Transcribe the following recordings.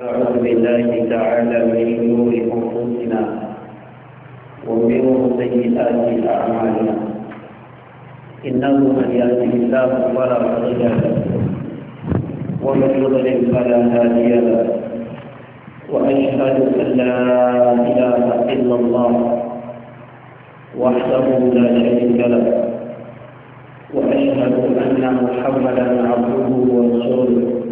نعوذ بالله تعالى من نور انفسنا ومن سيئات اعمالنا انه من يهده الله فلا مضل له ومن يضلل فلا هادي له واشهد ان لا اله الا الله وحده لا شريك له واشهد ان محمدا عبده ورسوله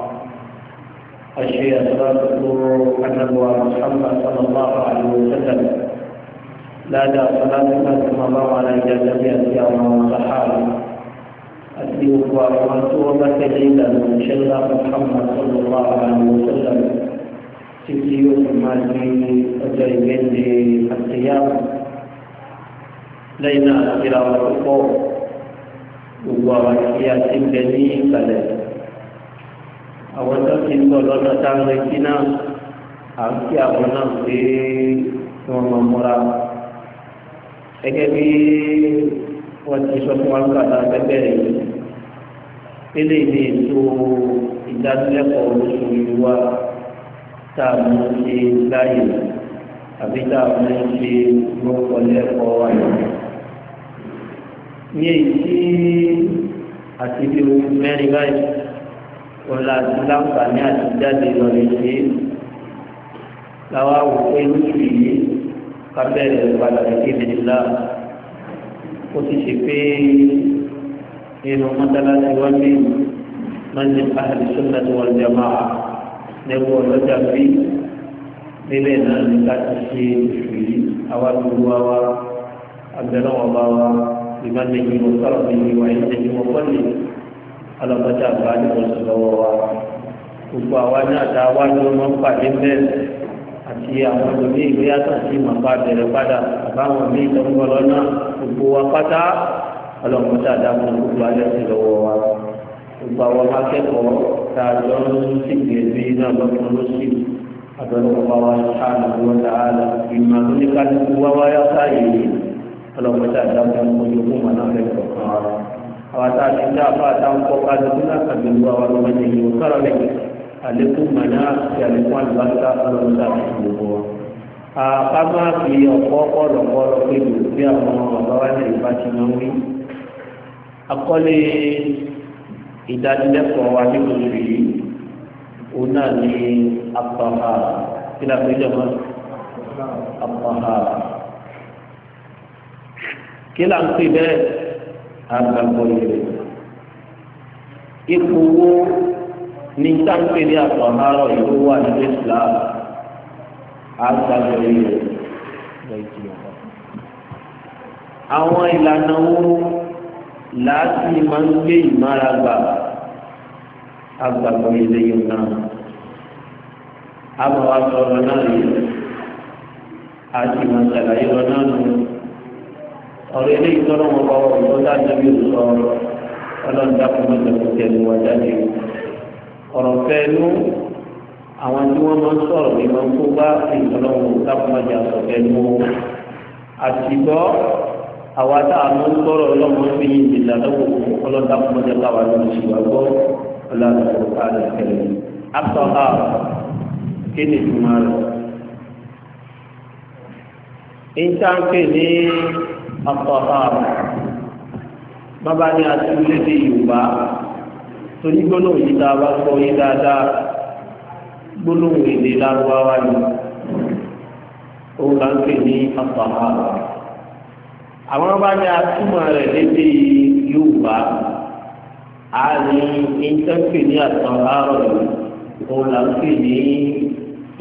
الشيء أدراكه أنه محمد صلى الله عليه وسلم لا دا صلاة صلى الله عليه وسلم يا صحابة ومتى جيدا إن من الله محمد صلى الله عليه وسلم تبديو ما في أجايبين للقيامة لينا إلى الرقوق gbogbo àwọn ìyá ti ń bẹ àwọn tó ti ń bọ̀ lọ́nà tá a retí náà à ń kí àwọn náà pé kí wọ́n máa múra. gẹ́gẹ́ bí wọ́n ti sọ fún wa nígbàdá gẹ́gẹ́ rẹ̀ pélé ní ètò ìdánilẹ́kọ̀ọ́ oṣù ìwà tá a mú ṣe láàyè àbí tá a mú ṣe lọ́kọ̀ọ́lẹ́kọ̀ọ́ wa yìí. ní èyí tí àti bí oṣù mẹ́rin báyìí ọ̀la àti láǹfààní àti jáde lọ́lẹ̀ ṣe é làwọn àwòké lóṣù yìí kábẹ́ẹ̀rẹ̀ padà ìdílé nílá ó ti ṣe pé nínú mọ́tálásí wọ́n ní mọ́tí ahli sunnati wal jamaa lẹ́wọ́ ọlọ́jà bí níbẹ̀ náà ní ká ti ṣe oṣù yìí àwa dúró wa wa abẹ́rẹ́ wọn bá wa ìbámu ìgbìmọ̀ sọ̀rọ̀ ìgbìmọ̀ ìṣẹ́jú mọ́kànlélẹ́ ọlọ́mọdé àgbáyé lọ́sọ̀ lọ́wọ́ wa gbogbo àwa náà dá wá ní ọmọ pàdé bẹ́ẹ̀ àti àwọn ọmọdé ìwé yàtọ̀ sí màmá bẹ̀rẹ̀ padà àbáwọn míì lọ́wọ́ lọ́nà gbogbo wa pátá ọlọ́mọdé àdàmú gbogbo alẹ́ sí lọ́wọ́ wa gbogbo àwọn akẹ́kọ̀ọ́ tá a lọ sí gbèbí náà lọ́kùn lọ́sì àbẹ̀rẹ̀ bá wa sáànù wọn àwọn àtàwọn ìjà àfa àtàwọn kọ kálukú náà kàbí lu àwọn ọlọmọdé yìí wọn sọ̀rọ̀ lẹ́yìn àlékún màná àti àlékún àlùbáṣà ọlọmọdé àti gbogbo wọn. àkámá fi ọ̀pọ̀ kọlọ̀kọlọ̀ pé lò bí àwọn ọ̀gá wa ní ìbá ti máa ń wí. akọ́lé ìdánilẹ́kọ̀ọ́ wa nínú ìrì òun náà ní apàhà kí la fi jọba apàhà kí la ń pè bẹ́ẹ̀ agbàgbọ́ yẹrẹ ipò wo ní táǹkìlì àtọ̀hárọ̀ ìlú wà nínú Islam agbàgbọ́ yẹrẹ àwọn ìlànà wo láti máa ń gbé ìmára gbà agbàgbọ́ yẹrẹ yìí náà àbáwá sọ̀rọ̀ náà yìí àti màtàlá yìí lọ náà nù ọ̀rọ̀ ilé ìtọ́nà wọn bá wọn tó dájú bí o sọ ọlọ́run dákun mọ́ ìjọba tẹ̀lé wọn jáde ọ̀rọ̀ fẹ́ẹ́nu àwọn tí wọ́n máa ń sọ̀rọ̀ ní máa ń kó bá ìtọ́nà wọn dákun mọ́ ìjà sọ fẹ́ẹ́nu wọn àtìgbọ́ àwa tá a mú sọ̀rọ̀ ọlọ́run fi yin ìdílé àdókò ọlọ́run dákun mọ́ ìjà káwa ló ń ṣì gbọ́ ọlọ́run kò ká lè tẹ̀lé àpọ̀tàrà bàbá ní àti lédè yorùbá torí gbólóhùn yìí tá a bá gbọ́ yé dáadáa gbólóhùn èdè lárúbáwá ni òun là ń pè ní àpọ̀tàrà àwọn bàbá ní àtúmọ̀ rẹ̀ lédè yorùbá a ní ìjọpè ní àtọ̀tàrà òun là ń pè ní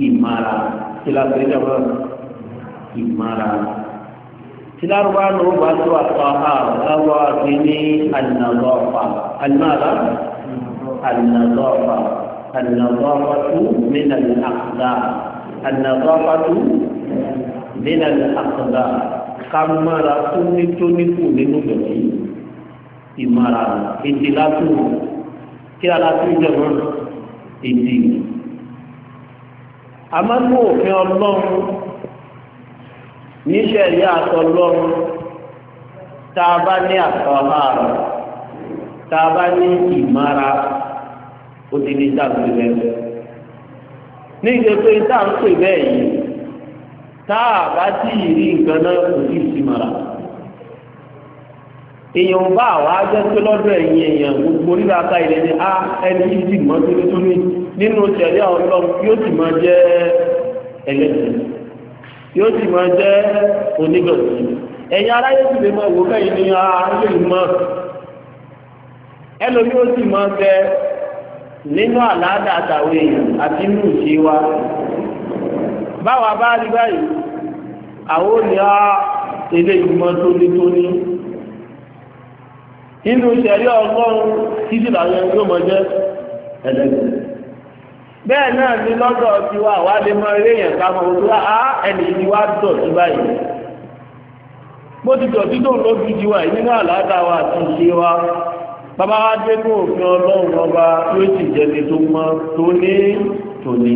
ìmàrà kí la pè é ìmàrà. تلاروا أنه بأسوا الطهارة أو أكني النظافة الماذا؟ النظافة النظافة من الأقدار النظافة من الأقدار كما رأسوني تونيكو لنبني إمارة إتلاتو كيالاتو جمع إتي أما نوفي الله níṣẹ́ ní àtọ́lọ́run tá a bá ní àtọ́hárọ̀ tá a bá ní ìmára ó ti ní dàgbé bẹ́ẹ̀. ní ìgbésẹ̀ tá à ń pè bẹ́ẹ̀ yìí tá a bá tí ì rí nǹkan náà kò sí ìsìmọ̀ra. èèyàn bá àwọn ajẹ́pé lọ́dọ̀ ẹ̀yìn èèyàn gbogbo rírà ká ilẹ̀ ní a ah, ẹni yìí ti mọ́ tónítóní nínú tẹ̀lé ọlọ́run yóò sì máa jẹ́ ẹlẹ́sìn yóò sì máa jẹ́ onígbàgbọ́ ẹ̀yin aráyé sì lè máa wò bẹ́yìn ní ayé ìmọ̀ ẹlòmí ó sì máa bẹ nínú àlàáda àtàwọn èèyàn àti inú ìṣe wa báwa bá rí báyìí àwọn ò ní á ilé ìgbìmọ̀ tónítóní nínú ìṣẹ̀rí ọgọ́rùn-ún títí làwọn ẹni tó máa jẹ́ ẹlẹ́gbẹ̀ẹ́ bẹ́ẹ̀ náà ní lọ́dọ̀ ti wá wá lè mọ eré yẹn ká mọ òdúrà á ẹnì yìí wá dọ̀ sí báyìí bó ti dọ̀ títò lójú ti wá yìí nínú àlàáta wa àti ìṣe wa bàbá wa dé ní òfin ọlọ́run ọba yóò sì jẹni tó mọ tóní tóní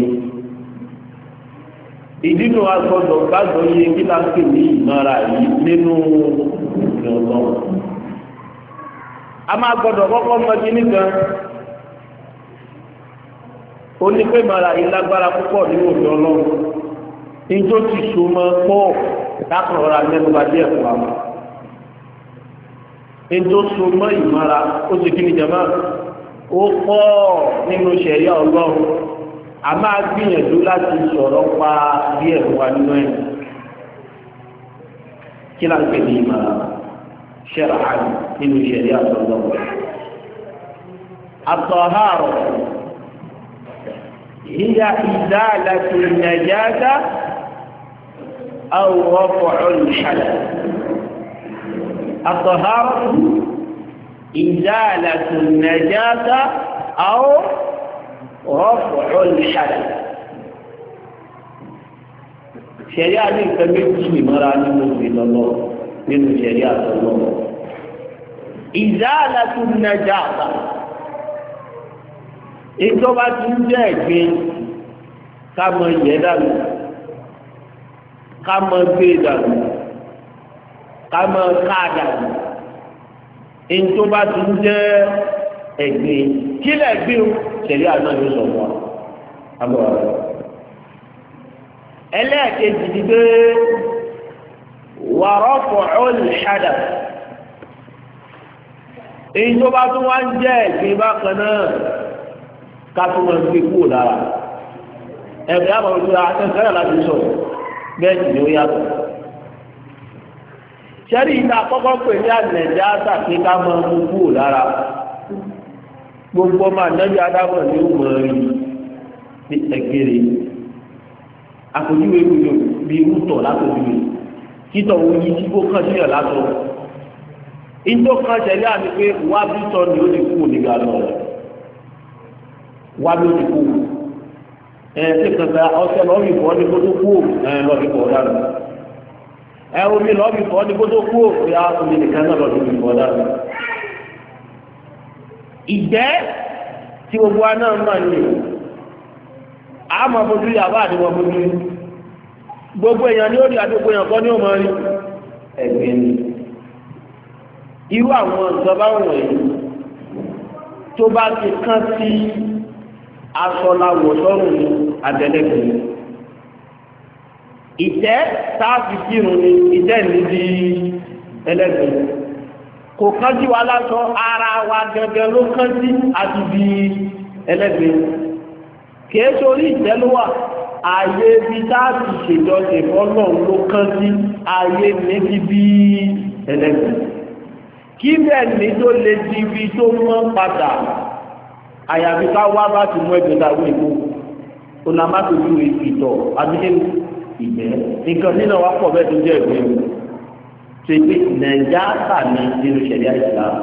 ìdínú agbọ́dọ̀ gbàgbọ́ yẹ kí la ń pè ní ìmọ̀ra yìí nínú òfin ọlọ́run a máa gbọ́dọ̀ kọ́kọ́ mọ kíní kan ó ní pé màrà yìí lágbára púpọ̀ nínú òbí ọlọ́run níjó ti so mọ́ pọ̀ dákùn ọ̀rọ̀ amẹ́nuba díẹ̀ fún wa níjó so mọ́ ìmọ̀ra ó ti kí ni jama ó pọ̀ nínú sẹ̀ríà ọlọ́run a máa gbìyànjú láti sọ̀rọ̀ pa díẹ̀ fún wa nínú ẹ̀ kí láti pè ní ìmọ̀ra ṣẹ̀rà nínú sẹ̀ríà ọlọ́run àtọ̀hárọ̀ hiya izalatu najasa aw raf'ul hadath at-taharatu izalatu najasa aw raf'ul hadath sẹ̀rí àti nǹkan méjì nìmọ́ra nínú ìlọ́lọ́ nínú sẹ̀rí àtọ́lọ́ ìzálàtú nàjàtà ìjọba ti ń jẹ́ ẹ̀gbin ká mọ ìyẹn dànù ká mọ gbé dànù ká mọ ká dànù ìjọba ti ń jẹ́ ẹ̀gbin kí lẹ́gbin o tẹ̀lé àná yóò sọ fún wa ẹlẹ́ẹ̀kejì ni pé wàrọ́pọ̀ ọ̀lẹ́ṣadà ìjọba tó wá ń jẹ́ ẹ̀gbin bákan náà kátó máa gbé kúrò lára ẹ̀rẹ́ àmọ́ ìlú akẹ́kọ̀ọ́ láti sọ bẹ́ẹ̀ sì ni ó yàtọ̀. sẹ́rí ìta kọ́kọ́ pè ní ànẹ̀já tàbí ká máa mú kúrò lára gbogbo ọmọ ànábì adámọ̀ ni ó mọ̀ rí ní ẹ̀gẹ́rẹ́ àpòjúwe gbogbo bíi wútọ̀ látòjúwe títọ̀ wo yí tí kò kàn sí ẹ̀ látọ̀ ìjọ kan tẹ̀lé àti pé wá ni ó ti kúrò nígbà náà wá lórí kú ẹ ṣe kẹta ọṣẹ lọ́ọ̀bì fọ́ ni kó tó kú ẹ lọ́ọ̀bì fọ́ dára ẹ omi lọ́ọ̀bì fọ́ ni kó tó kú ya omi nìkan náà lọ́ọ̀bì fọ́ dára ìgbẹ́ tí gbogbo wa náà máa ń lè àmọ́ fojú yàrá àdìmọ̀ fojú gbogbo èèyàn ni ó rí àdúgbò èèyàn kọ́ ni ó máa rí ẹ̀gbẹ́ ni irú àwọn ìjọba wọ̀nyí tó bá ti kán sí asọ̀làwọ̀ sọ́rùn ni àtẹ̀lẹ́gbẹ̀ ni ìtẹ́ sáàfì kírun ni ìtẹ́ ní di ẹlẹ́gbẹ̀ kò kánjú wa lásọ ara wa gẹ́gẹ́ ló kánjú àti di ẹlẹ́gbẹ̀ kìí sórí ìtẹ́ ló wà ààyè ibi sáàfì ṣèjọsìn fọlọ́run ló kánjú ààyè méjì bí ẹlẹ́gbẹ̀ kí bẹ́ẹ̀ ni tó lè di ibi tó mọ́ padà àyàfi ká wá bá ti mú ẹgbẹ́ ta wé kú onamátòjú ìtọ̀ abílẹ̀ ìgbẹ́ nǹkan nínú wa pọ̀ bẹ́ẹ̀ tó jẹ́ ìwé o ṣe pé nàìjà sàmì nínú ṣẹ̀ríà Islam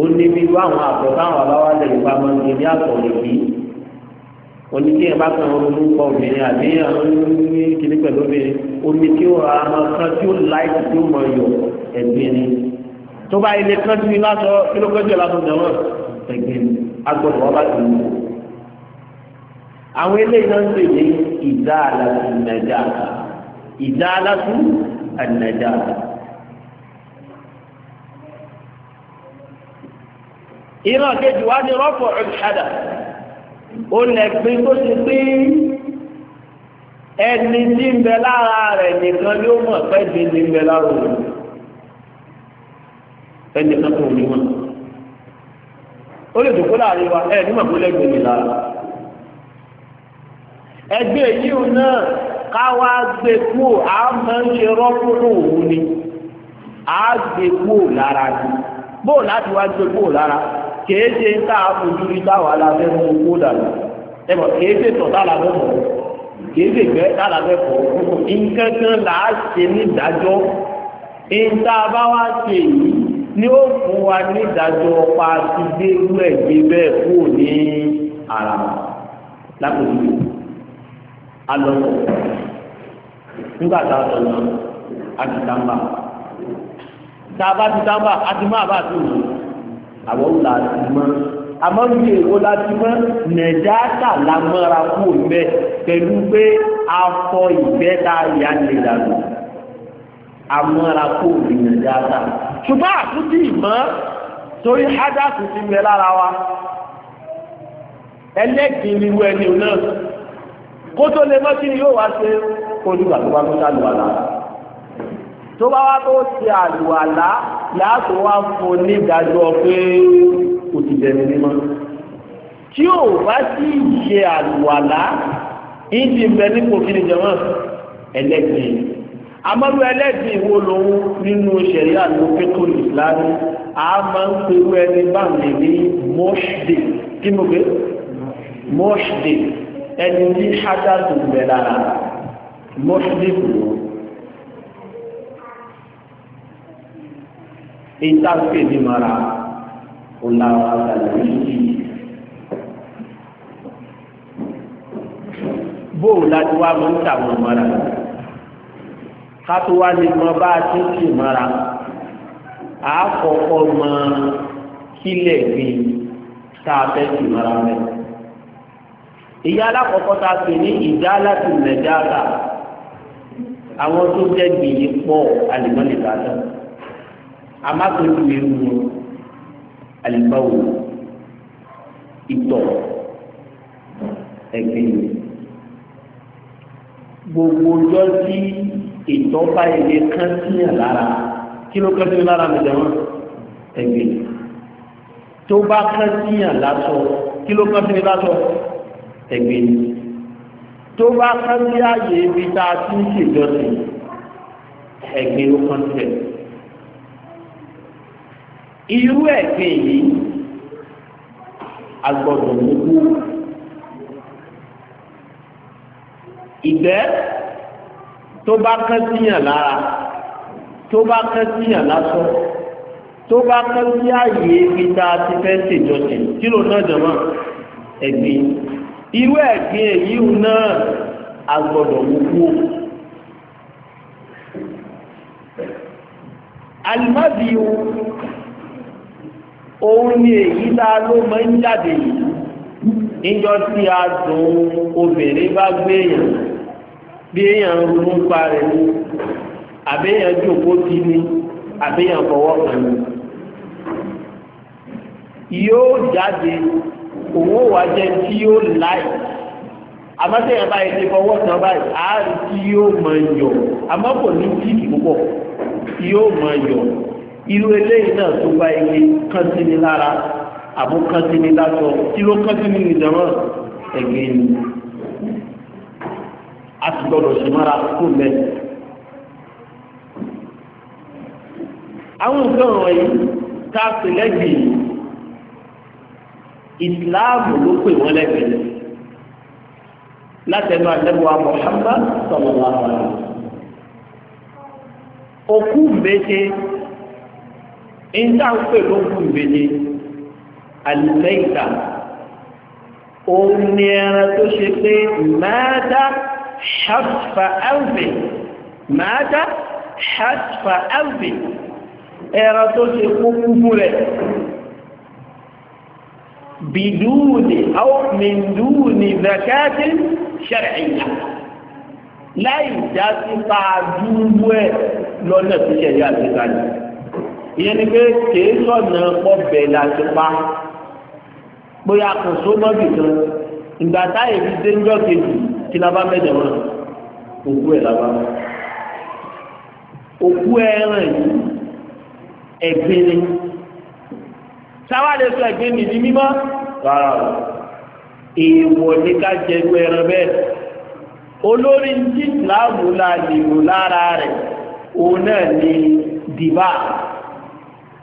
ó ní bí wá àwọn àtọ̀ táwọn àbáwá lè pa mọ́ ní ní àtọ̀ lè bí oní kí ẹ bá kàn ń ronú kọ obìnrin àbí àwọn ní kíní pẹ̀lú obìnrin omi tí ó ra ọmọ kan tí ó láìsí tí ó mọ̀ yọ ẹ̀gbin ni tó bá ilé kan tí mi lásọ kí ló kọjú ẹ̀ lásọ jẹ̀wọ́n ẹgbẹ́ agbọ̀dọ̀ wọn bá ti wù ú. àwọn eléyìí náà ń pè ní ìdá aláṣù nàjà ìdá aláṣù ànàjà. ìran kejì wá ní rọ́pò ọ̀dùnkádà ó lẹ̀ pé tó ti pé ẹni tí ń bẹ lára rẹ̀ nìkan ló mọ̀ pé ti ń bẹ lára òun ẹni kan tó ní wọn ó lè dòkó láàrin wa ẹ nímọ̀ kó lẹ́gbẹ̀ẹ́ mi lára ẹgbẹ́ yìí náà káwá gbé kúò á máa ń ṣe rọ́pùrù òun ni á gbé kúò lára ni bóò láti wá gbé kúò lára kèé ṣe ń tá a rí táwa la fẹ́ mú kó dànù ẹ mọ̀ kèé ṣe tọ̀ tá la fẹ́ mọ̀ kèé ṣe gbẹ́ tá la fẹ́ kọ̀ nǹkan kan là á ṣe ní ìdájọ́ ń tá a bá wá ṣe yìí ni ó fún wa ní ìdájọ́ ọpa ti dé irú ẹ̀gbẹ́ bẹ́ẹ̀ kú ní ara lápòjúwe alọ́sọ̀ nígbà tá a sọ náà a ti dáńbà tá a bá ti dáńbà a ti má a bá ti wù àwọn wùlà ti mọ́ àmọ́ bí èwo la ti mọ́ nàìjíríà la mọ́ra kú bẹ́ẹ̀ pẹ̀lú pé afọ ìgbẹ́ tá yà lè dànù amúrakó òbíyàn dáadáa ṣùgbọ́n àtúntì ìmọ̀ torí hádàtú ti mẹ lára wa ẹlẹ́gbìn ni wọ́n ẹni náà kó tó lè mọ́tí ni yóò wá ṣe olùwà tó bá tó ṣe àlùwàlá tó bá wá tó ṣe àlùwàlá láàtò wá fún onídàájọ́ pé kò ti bẹ̀rẹ̀ mímọ́ tí ò bá sì ṣe àlùwàlá ìdí ìbẹ̀ ní kò kí ni jẹ̀mọ́ ẹlẹ́gbìn amadu ẹlẹ́sìn wo lòun nínú sẹ̀ríà ló fi tó ìsìlámù a máa ń pe irú ẹni báyìí ní mọ́ṣdè kí mo gbé mọ́ṣdè ẹni ní ṣáàdàdù bẹ̀ lára mọ́ṣdè kùnú. ìtàkùn èdè mara o àtàlẹ́ yìí. bóòlù láti wá máa ń mara kátó wá lè mọ bá a ti tì mọ́ra àkọ́kọ́ mọ kílẹ̀ gbé tá a fẹ́ tì mọ́ra rẹ̀. ìyá alákọ̀ọ́kọ́ ta pè ní ìdá láti nàìjíríà àwọn tó jẹ́ gbìyì pọ̀ àlìmọ́lì dáadáa amákòókò ewu àlìbáwò ìtọ̀ ẹ̀gbìn gbogbo ọjọ́ tí ìtọ́ba ilé kan síyàn lára kí ló kán sí lára mi jẹun ẹgbẹ́ tó bá kán síyàn lásọ kí ló kán sí lásọ ẹgbẹ́ tó bá kán sí ààyè ibi tá a ti ń ṣèjọsìn ẹgbẹ́ ló kán sí irú ẹgbẹ́ yìí agbọ́dọ̀ gbogbo ìgbẹ́ tó bá kán síyàn lára tó bá kán síyàn lásán tó bá kán sí àyè ibi tá a ti fẹ́ ṣèjọsìn kí ló náà jọmọ́ ẹ̀gbin irú ẹ̀gbin èyí náà a gbọ́dọ̀ mú kú o. òun ni èyí tá a ló máa ń jáde yìí níjọ́ tí a dùn obìnrin bá gbé yàn bí èèyàn ronú ń pa rẹ̀ ni àbẹ́yàn jòkó ti ni àbẹ́yàn fọwọ́ kan ni yóò jáde òun ò wá jẹ tí yóò láì àmọ́sẹ̀yìn báyìí ti fọwọ́ kan báyìí àárín tí yóò máa yọ àmọ́ kò ní tíìkì púpọ̀ yóò máa yọ irú eléyìí náà tó bá igi kan sí ni lára àbó sí ni lásọ tí ló kan sí ni nìjọba ẹ̀gbẹ́ ni a ti gbọdọ̀ sì mara kó lẹ. àwọn nǹkan wọ̀nyí tá a pè lẹ́gbẹ̀ẹ́ ìsìláàmù ló pè wọ́n lẹ́gbẹ̀ẹ́ látẹnu àtẹnu àmọ hàmbá sọlọ wà wà. òkú mbete níta ń pè lókù mbete àlùmẹ́yìká òun ni ẹran tó ṣe pé mẹ́ta ṣàtfà alvin màáta ṣàtfà alvin ẹran tó ṣe kó kúkú rẹ̀ bìdúùnì àwọ̀mìndúùnì zakati ṣẹ̀rẹ̀yà láì dá sí pa dúró ẹ̀ lọ́nà tó ṣẹ̀yà àti kalẹ̀ ìyẹn ni pé kìí sọ̀nà pọ̀ bẹ̀ láti pa bóyá kò só mọ́bì kan ìgbà táyé fi dé ńjọ́ kejì kí la bá mẹ́jọ mọ́ òkú ẹ̀ la bá mọ́ òkú ẹran yìí ẹ̀gbin ni sáwá lè sọ ẹ̀gbin ni ní mímọ́ rárá o èèwọ̀ ní ká jẹ irú ẹran bẹ́ẹ̀ olórí ní ìsìláàmù la lè lò lára rẹ̀ òun náà ní dìbà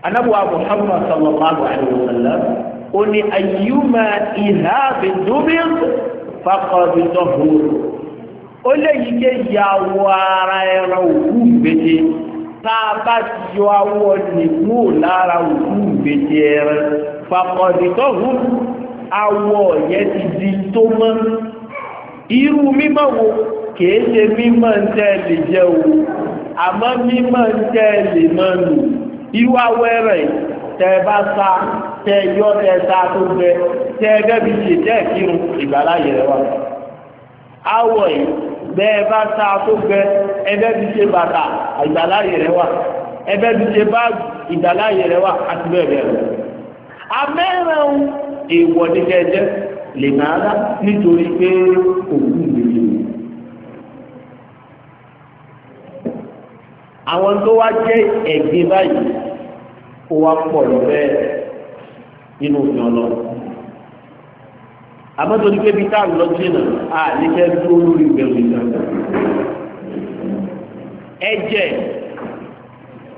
anabuwa muhammad sallallahu alaihi wa sallam ó ní ayyuma ìhà bìndúbìndú fákọ̀ọ́bí tó hóró ó léyìí ké yàwó ara ẹran òkú ìgbèjì tá a bá ti yọ awọ nìkú lára òkú ìgbèjì ẹran fákọ̀ọ́bí tó awọ yẹn ti di tó mọ́ irú mímọ́ wo kìí ṣe mímọ́ ń lè jẹ́ o àmọ́ mímọ́ ń lè mọ́ nù irú awọ ẹran tẹ́ bá sá. tẹ yọ tẹ ta tó bẹ tẹ gẹbi yìí tẹ kírun ìgbàláyè rẹ wa awọ yìí bẹ́ẹ̀ bá ta tó bẹ ẹbẹ bí ṣe bàtà ìgbàláyè rẹ wa ẹbẹ bí ṣe báàgì ìgbàláyè rẹ wa àti lọ. lè nítorí pé òkú àwọn tó wá báyìí nínú òfin ọlọ́run àmọ́ tó ní pé bí táàrù lọ sí ìnà à ní fẹ́ dúró lórí ìbẹ̀rù ìgbà ẹ̀jẹ̀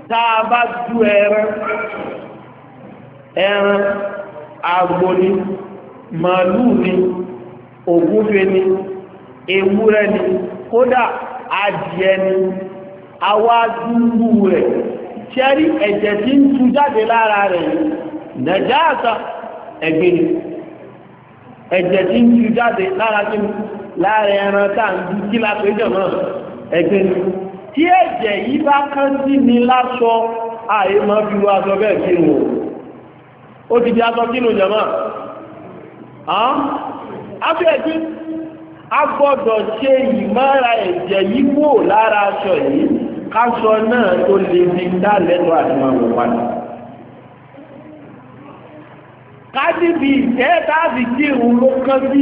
tá a bá du ẹran ẹran agbo ni màálù ni ògúnfe ni ewúrẹ́ ni kódà adìẹ ni àwa dúró rẹ̀ ṣẹ́rí ẹ̀jẹ̀ tí ń tu jáde lára rẹ̀ yìí. nàjà a ẹ̀gbẹ́ ni tí ń ju jáde lára kí ni láàrin ẹran tá ń kí la pé náà tí yìí bá kán sí ni láṣọ àyè máa fi aṣọ kí o ó ti di aṣọ kí a ṣe ìmọ̀ra ẹ̀jẹ̀ yìí kúrò lára aṣọ yìí káṣọ náà tó lè fi dá lẹ́nu kádìbì ìjẹ́ tàbí kí ìrùn ló kán sí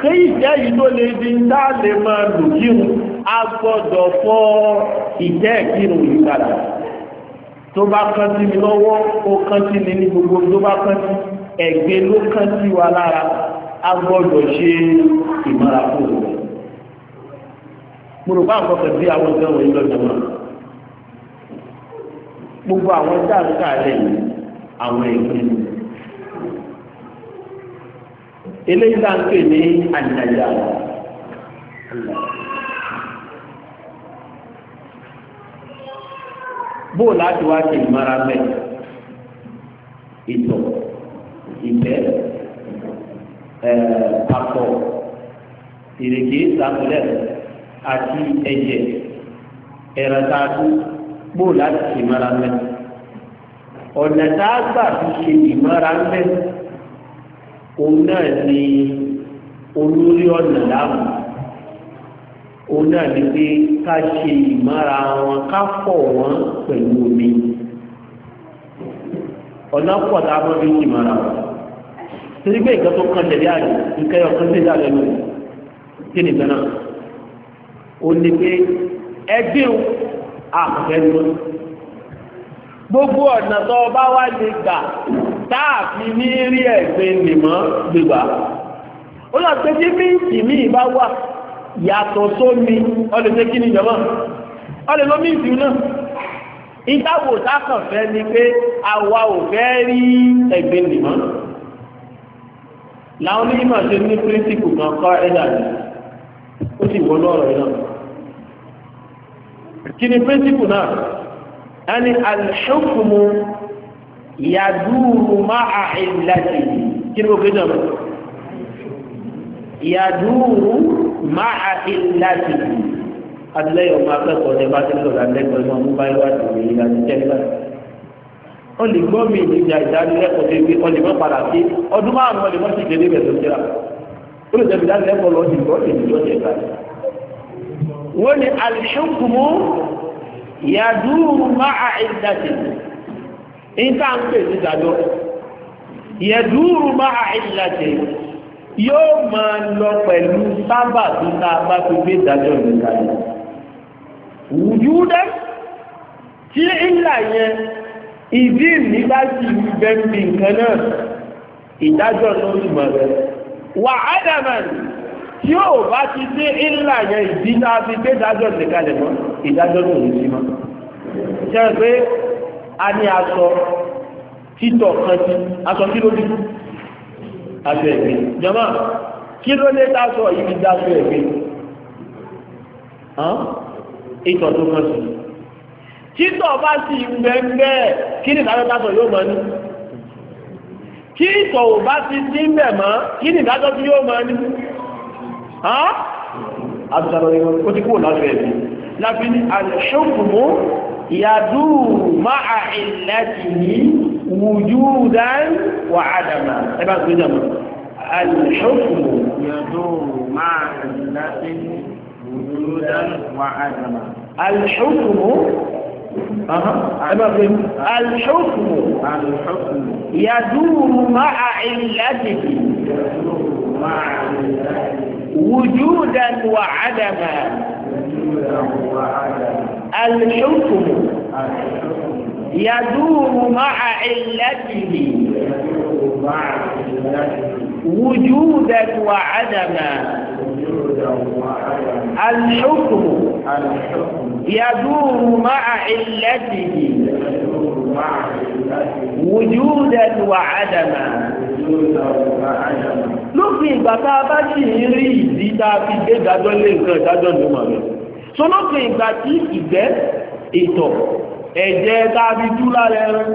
kí ìjẹ́ yìí tó lè di dáàlè máa lò kírun a gbọ́dọ̀ fọ́ ìjẹ́ kírun yìí padà tó bá kán sí mi lọ́wọ́ ó kán sí mi ní gbogbo tó bá kán sí ẹ̀gbẹ́ ló kán sí wa lára a gbọ́dọ̀ ṣe ìmọ̀ra fún un mo rò bá àwọn ọkọ̀ sí àwọn ìjọ wọ̀nyí lọ́jọ́ náà gbogbo àwọn dáàbò káàlẹ̀ yìí àwọn ẹ̀gbẹ́ eléyìí bá ń pè ní àjàjà bóò láti wá ṣe ìmọ̀ra mẹ́ ìtọ̀ ìtẹ́ àpọ̀ ìrèké ìsàmúlẹ̀ àti ẹ̀jẹ̀ ẹ̀rọ̀tàdú bóò láti ṣe ìmọ̀ra mẹ́ ọ̀nà tá a gbà fi ṣe ìmọ̀ra mẹ́. òun náà ni olórí ọ̀nà láàmú òun náà ni pé ká ṣe ìmára wọn ká fọ̀ wọ́n pẹ̀lú omi ọ̀nà pọ̀ tá a mọ̀ bí ìmára wọn torí pé nǹkan tó kan tẹ̀lé àjò nǹkan ẹ̀yọ̀ kan sì lẹ́nu kí ni gbẹ́nà ó ní pé ẹgbẹ́ o àfẹ́ gbogbo ọ̀nà tó táàfi ní rí ẹ̀gbin nìmọ́ gbégbà ó lọ pé tí míǹtì míì bá wà yàtọ̀ sómi ọlẹ́ ṣe kí ni jọmọ́ ọlẹ́ ló míǹtì náà ìtawò sákàn fẹ́ ni pé àwa ò fẹ́ rí ẹ̀gbin nìmọ́ làwọn onímọ̀ ṣe ní píríncípù kan kọ́ ẹ̀dà ni ó sì wọ́n lọ́rọ̀ yìí náà kí ni píríncípù náà ẹni alṣọ́kùnmu yàdúrù máa ìlàjì kí ni mo gbé jọ̀ọ́ yàdúrù máa ìlàjì adúlẹ̀yìn ọmọ akẹ́kọ̀ọ́ ní bá ti ń sọ̀rọ̀ adẹ́kọ̀ọ́ ní ọmọ báyìí wà tòun yìí láti tẹ́lẹ̀ ó lè gbọ́ mi ní ìjà ìdánilẹ́kọ̀ọ́ tó gbé ọ lè mọ́ padà sí ọdún márùn-ún ọ lè mọ́ sí ìdílé rẹ̀ tó jẹ́ra ó lè tẹ̀lé ìdánilẹ́kọ̀ọ́ lọ́ọ́ dìbò ó lè jẹ́ báyìí. wọ́n ní alìṣẹ́kùmù yàdúrù máa ìlàjì níta ń pè ní ìdájọ́ yẹ̀dúrú máa àìlàjẹ̀ yóò máa lọ pẹ̀lú sábà tó tá a bá fi gbé ìdájọ́ ìgbéga yìí wùjú dẹ́ tí ìlà yẹn ìdí mi bá sì bẹ́ mi nǹkan náà ìdájọ́ ló sì mọ̀ rẹ̀ wà á dàmà tí ó bá ti dé ìlà yẹn ìdí tá fi gbé ìdájọ́ ìgbéga lẹ̀ mọ́ ìdájọ́ ló sì mọ́. a ní aṣọ títọ̀ kan asọ aṣọ kí ló dé aṣọ ẹ̀gbẹ́ jọmọ́ kí ló dé táṣọ yìí fi ẹ̀gbẹ́ ìtọ̀ tó kan sí títọ̀ bá sì gbẹ̀ngbẹ̀ kí ni ìdájọ́ táṣọ yóò máa ní kí ìtọ̀ ò bá ti dín bẹ̀ mọ́ kí ni ìdájọ́ tí yóò ní. ti kúrò لكن الحكم يدور مع علته وجودا وعدما الحكم يدور مع علته وجودا وعدما الحكم أه. الحكم الحكم يدور مع علته يدور مع علته وجودا وعدما الحكم يدور مع علته وجودا وعدما الحكم يدور مع علته وجودا وعدما lófin ìgbà tá a bá sì ń rí ìdí tá a fi gbé dájọ́ lé nǹkan ìdájọ́ ìlú màmí tọ́lọ́pìn ìgbà tí ìgbẹ́ ìtọ̀ ẹ̀jẹ̀ tàbí dú lára ẹran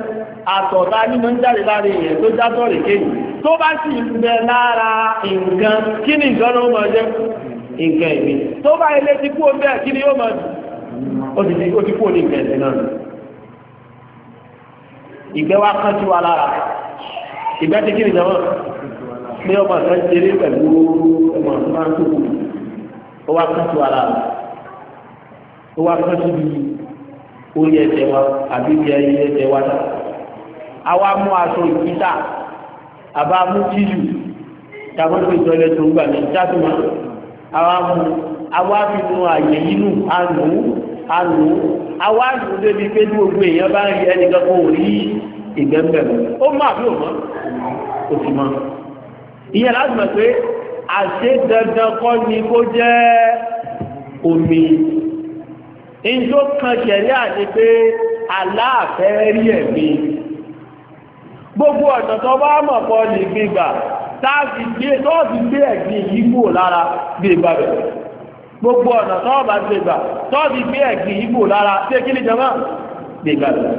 àtọ̀tà nínú ń jáde lára èèyàn tó játọ̀ rè kéyìn tó bá sì ń bẹ lára nǹkan kí ni nǹkan ló máa jẹ́ nǹkan ìgbín tó bá ilé ti kú omi ẹ̀ kí ni yóò máa dùn ó ti kú ní nǹkan ìgbín náà ìgbẹ́ wa kán sí wa lára ìgbẹ́ ti kí ni jọ̀wọ́ pé ọmọ kan ṣeré pẹ̀lú ọmọ tó máa ń tó kù ó wá kán sí wa lára ó wá kán síbi orí ẹsẹ̀ wa àbí ibi ẹyẹ ẹsẹ̀ wa náà àwa mú aṣọ ìkíta àbá mú jíjù tàbí pé ìtọ́lẹ̀ tó ń gbà ní ìjátùmọ̀ àwa mú àwa fi mú àyè yínú àánú àánú àwa lù ú débi pé ní gbogbo èèyàn bá ń rí ẹnìkan kó rí ìgbẹ́mbẹ̀ ó má bí òmọ́ kò sì mọ́ ìyẹn láti mọ̀ pé àṣẹ dandan kọ́ ni kó jẹ́ omi njó kan ṣẹ̀ríà ni pé aláàfẹ́ rí ẹ̀mí gbogbo ọ̀nà tó bá mọ̀ pọ̀ lè gbé gbà táàfì gbé tọ́ọ̀fì gbé ẹ̀gbìn yìí kúrò lára gbé gbà rẹ̀ gbogbo ọ̀nà tọ́ọ̀ bá gbé gbà tọ́ọ̀fì gbé ẹ̀gbìn yìí kúrò lára ṣé kí ni jọba gbé gbà rẹ̀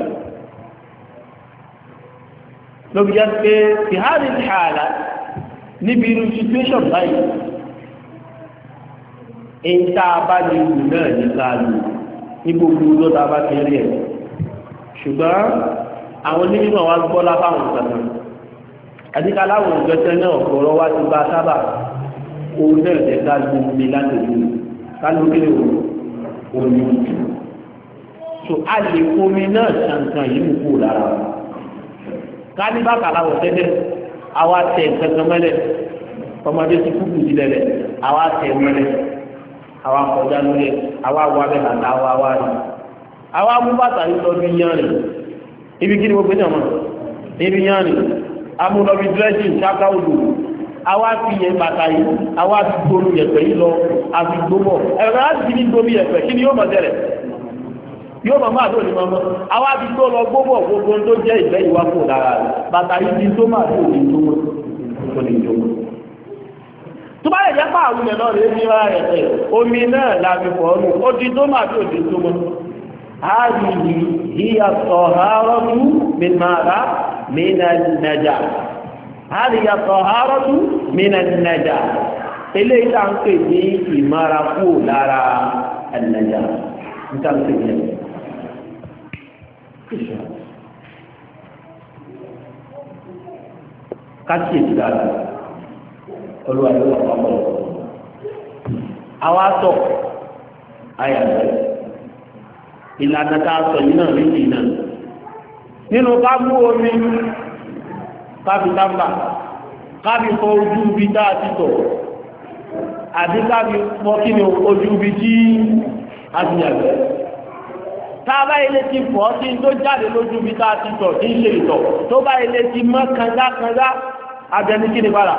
lóbi jẹ́ pé ìhádìí ti hàlà níbi irú situation báyìí èyí tá a náà ní ká lò ní gbogbo lọ́dà bá ti rí ẹ̀ ṣùgbọ́n àwọn onímọ̀ wa gbọ́ lábáwọn kankan àdìgá láwọn òǹgẹ́sẹ̀ náà ọ̀rọ̀ wa ti bá sábà òun náà jẹ́ ká lu omi láti lu kálókèrè omi so a lè fomi náà ṣàǹkan yìí mú kú lára ká ní bákàlà wọ̀ tẹ́tẹ́ àwa tẹ̀ kankan mẹ́lẹ̀ ọmọdé ti kúkú sílẹ̀ lẹ̀ àwa tẹ̀ mẹ́lẹ̀ àwa kọjá lórí àwa wọ abẹ bàtà àwa wá rí àwa mú bàtà yìí lọ yán rìn ibi kí ni gbogbo náà mọ níbi yán rìn amúlọbí dírẹ́sì ṣáká odò àwa fi yẹ bàtà yìí àwa fi gbóru yẹpẹ yìí lọ àfi gbóbọ ẹ̀rọ láti fi ní gbómi yẹpẹ kí ni yóò mọ tẹ̀lẹ̀ yóò máa máa lónìí máa mọ́ àwa ti tó lọ gbóbọ̀ gbogbo tó jẹ́ ìgbẹ́ ìwà kò dára bàtà yìí ti tó máa tó ní tó mọ́ tó ní tó mọ́. tuba yẹ jẹ paalu lẹ lọri ebi ara yẹ tẹ omi náà la fi odi tó ma fi odi tó ma hali hiya sọharọtu mimara mina naja hali hiya sọharọtu mina naja pè ní ìmara kú lára ẹnaja pè ní olúwa ló wà pamọ́ lọ. àwa sọ àyà rẹ ìlànà tá a sọ yìí náà méjì náà nínú ká mú omi kábi tábà kábi fọ ojú ibi tá a ti tọ̀ àbí kábi fọ kí ni ojú ibi tí a ti yàgbẹ́ tába ilé ti fọ́ tí tó jáde lójú ibi tá a ti tọ̀ tí ń ṣe ìtọ̀ tó bá ilé ti mọ́ kangá kangá abẹni kí ni padà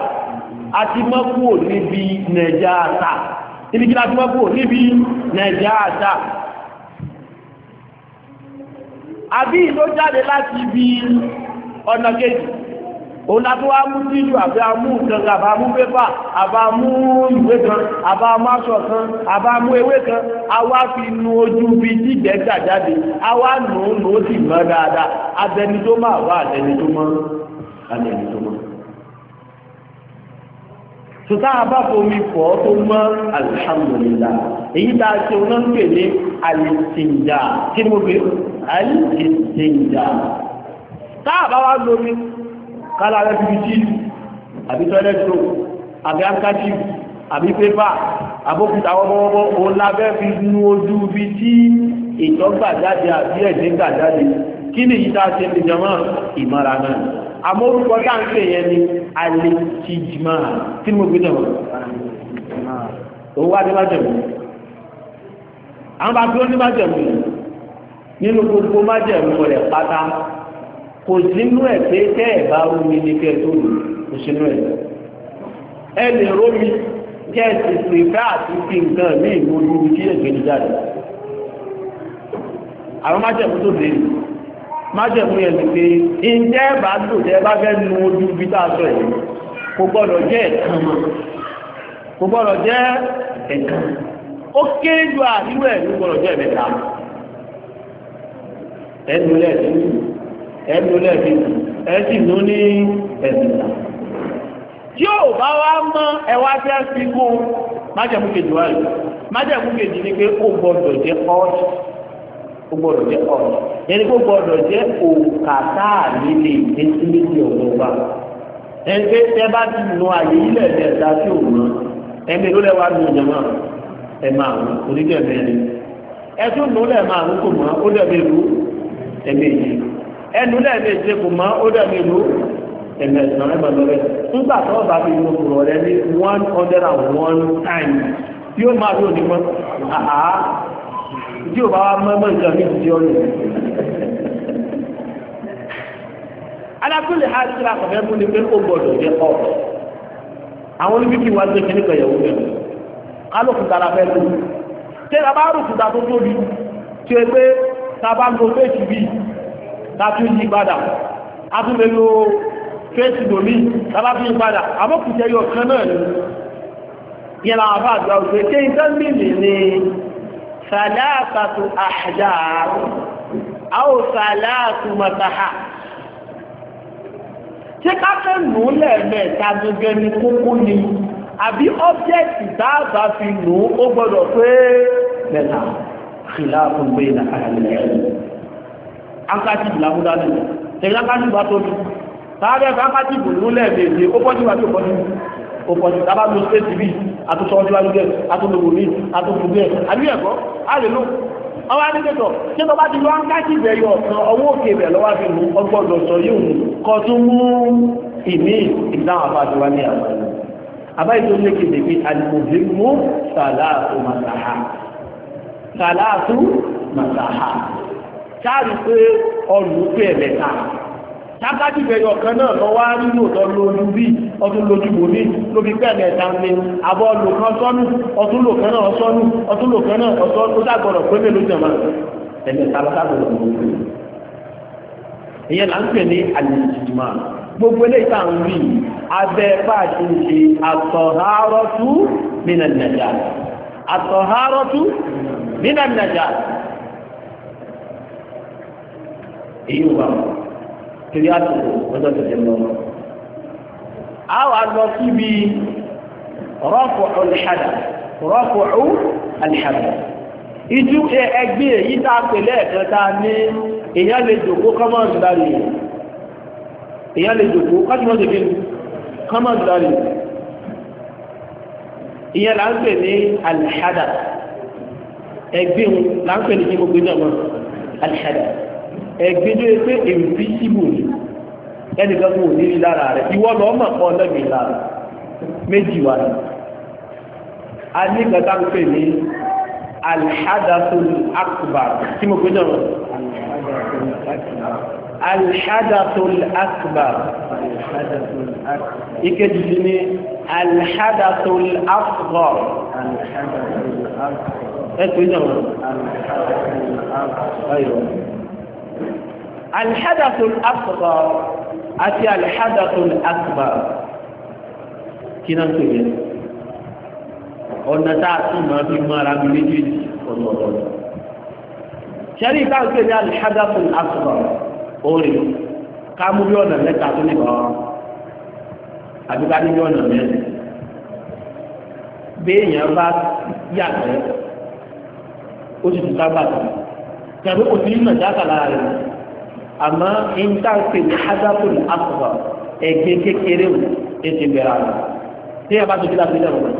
àti mọ́kúò níbi nàìjà àtà níbi kí láti mọ́kúò níbi nàìjà àtà àbí ìlú jáde láti ibi ọ̀nà kejì òun láti wá mú tíjú àbí amú nǹkan àbá mú pépà àbá mú ìwé kan àbá mú aṣọ kan àbá mú ewé kan àwa fi nu ojú bí jíjẹ gbà jáde àwa nù ún nù ó sì mọ dáadáa abẹni tó máa wá àtẹni tó mọ àtẹni tó mọ sọtá abáfomi fọ tó mọ alihamudulila èyí tá a ṣe wọn ń pè ní alisinja kí ni mo fi alisinja tá a bá wá lómi kálá rẹ bíbí tí àbí tọ́lẹ́tò àbí ankachi àbí pépà àbókúta wọ́wọ́wọ́ òun lábẹ́ fi nu ojú bí tí ìtọ́gbàjáde àbí ẹ̀jẹ̀ kí ni yìí ṣe ní jọmọ́ náà àmọ́ orúkọ tá à ń pè yẹn ni alẹ́tìjìmá tí mo gbé dẹ̀wọ̀ òun wá ní májẹ̀mú àwọn bá dúró ní májẹ̀mú nínú gbogbo májẹ̀mú rẹ̀ pátá kò sínú ẹ̀ pé tẹ́ ẹ̀ bá omi ní kẹ́ ẹ tó lò kò sínú ẹ̀ ẹ lè rómi kí ẹ sì pèfẹ́ àti fi nǹkan mí ìwúlú kí ègbè ní jáde àwọn májẹ̀mú tó dé nìyí májẹ̀mú yẹn ti pé ǹjẹ́ bá lò tẹ́ bá fẹ́ nu ojú bí tá a sọ yìí kò gbọ́dọ̀ jẹ́ ẹ̀kan mọ́ kò gbọ́dọ̀ jẹ́ ẹ̀kan ó kéré ju àdúrà ẹ̀ ló gbọ́dọ̀ jẹ́ ẹ̀mẹ́ta ẹnu lẹ́ẹ̀kejì ẹnu lẹ́ẹ̀kejì ẹ̀sìn ló ní ẹ̀mẹ́ta tí ò bá wá mọ́ ẹwà tẹ́ fi kún májẹ̀mú kejì wáyé májẹ̀mú kejì ni pé ó gbọ́dọ̀ jẹ́ ọ́ọ̀tì ó gbọ́dọ̀ jẹ́ ọ̀rọ̀ ẹni kó gbọ́dọ̀ jẹ́ òǹkà táàlì lè dé sí méjì ọ̀dọ̀ wa ẹni pé tẹ́ bá ti nu àyè ilẹ̀ ẹ̀dá sí òun ẹni ló lẹ́wà nù ìjọba ẹ̀ máa wù onídẹ̀ẹ́mẹ́ ni ẹ tún nù lẹ́ẹ̀ máa wù kò mọ́ ó dẹ̀mẹ́ lu ẹ̀mẹ́jì ẹnu lẹ́ẹ̀mẹ́jì kò mọ́ ó dẹ̀mẹ́ lu ẹ̀mẹ́sàn ẹ̀ bàbá rẹ̀ nígbà tó bá fi mú kúrò rẹ̀ ní one hundred and one times yóò máa lò ní mọ́ àhá tí ò bá wá mọ́mọ́ nǹkan mi ti di ọ̀rọ̀ alákùnrin hajj la kọ̀fẹ́ fún ni pé ó gbọ́dọ̀ jẹ́ ọ̀rọ̀ àwọn oníbíkì wa gbé kíní kan yẹ̀wò bẹ̀rẹ̀ kálọ̀kùnta la fẹ́ lò tẹ́lá bá rùkùnta tó tóbi tí ó pé ta bá lo fèsì bíi ta tún yí padà a tún lè lo fèsì lòmí ta bá tún yí padà àmọ́ kùtẹ́ yọ kan náà ni yẹn làwọn afáàdúrà òfin ṣé ìtẹ́ńbìlì ni. ثلاثة أحجار أو ثلاث متاحة ṣé ká fẹ́ nù ú lẹ́ẹ̀mẹ́ta gẹ́gẹ́ ní kókó ni àbí ọ́bjẹ́tì dáàbà fi nù ú ó gbọ́dọ̀ pé mẹ́ta kìlá fún gbé ní àkàlẹ̀ akáàtì ìlàmúdá nù tẹ̀lé akáàtì bá tóbi tààrẹ́ fún akáàtì ìbòlú lẹ́ẹ̀mẹ́ta ó pọ́jú wájú pọ́jú òpò ní sábà lo state tv àtúntò ọdún wájú bẹ́ẹ̀ àtúntò wòlí àtúntò bẹ́ẹ̀ àbí ẹ̀kọ́ àlè ló ọwọ́ adékètò ṣé tó bá ti lọ ánkájì bẹ̀ yọ ọ̀sán ọwọ́ òkè bẹ̀ lọ́wọ́ fi mú ọgbọ́dọ̀ sọ yóò mú kọ́ tún mú ìmí ìdáhùn àbájọ wá ní àwọn ẹ̀rọ àbáyé tó lé kéde pé alìmọ̀dé mú sàlàtú màtàhà sàlàtú màtàhà sáà rí pé ọ̀rùn pé ẹ̀mẹ́ta sábàjì bẹ̀rẹ̀ ọ̀kan náà lọ wá nínú ọ̀dọ́ lójú bí ọdún lójú bò ní lóbi pẹ̀lẹ́ ẹ̀ta ní abọ́ lò kan sọ́nù ọdún lò kan náà sọ́nù ọdún lò kan náà ọ̀sọ́nù ó dàgbọ̀rọ̀ pé mélòó jẹ̀mọ́ ẹ̀mẹ́ sábàjì ìyẹn là ń pè ní àlejìjìmá gbogbo eléyìí tá à ń rí abẹ́ bá a ti ń ṣe àtọ̀hárọ́tú nínà nàjà àtọ̀hárọ́tú nínà nàjà èyí wà wọ́n torí àtúntò lọ́jọ́ tẹ̀lé lọ. a wà lọ síbi rọ́pò alìhàdà rọ́pò alìhàdà ijú ẹgbẹ́ èyí tá a pè lẹ́ẹ̀kẹta ní èyàn lè jòkó kọ́mọ̀ọ́dù dárì èyàn lè jòkó kọ́mọ̀ọ́dù dárì ìyẹn là ń pè ní alìhàdà ẹgbẹ́ là ń pè ní gbogbo ìjọba alìhàdà ẹ̀gbin ló yẹ pé invisible ni ẹnìkan kò ní rí lára rẹ̀ ìwọ lọ mọ̀ kọ́ lẹ́gbẹ̀ẹ́ lára méjì wà ní. a ní kẹta ń pè ní alhadathul akbar tí mo pè náà wọ̀ alhadathul akbar ìkejì sí ní alhadathul asghar ẹ pè náà wọ̀ alihadatul asghar àti alihadatul akbar kí náà tó yẹ ọ̀nà tá a tún máa fi mára mi méjèèjì ọ̀tọ̀ọ̀tọ̀ sẹ́rí ìtàn pé ní alihadatul asghar orí ká mú bí ọ̀nà mẹ́ta tó nípa ọ̀rọ̀ àbí bí ọ̀nà mẹ́rin béèyàn bá yàgbẹ́ ó sì tún ká bàtà tẹ̀wé kò sí nínú ìjà rẹ̀ àmọ́ intanṣe ní hadapu ní akọ̀kọ̀ ẹ̀gbẹ́ kékeré wò ètò ìbẹ̀rẹ̀ àná tí ẹ bá tó kí láti lẹ́wọ̀n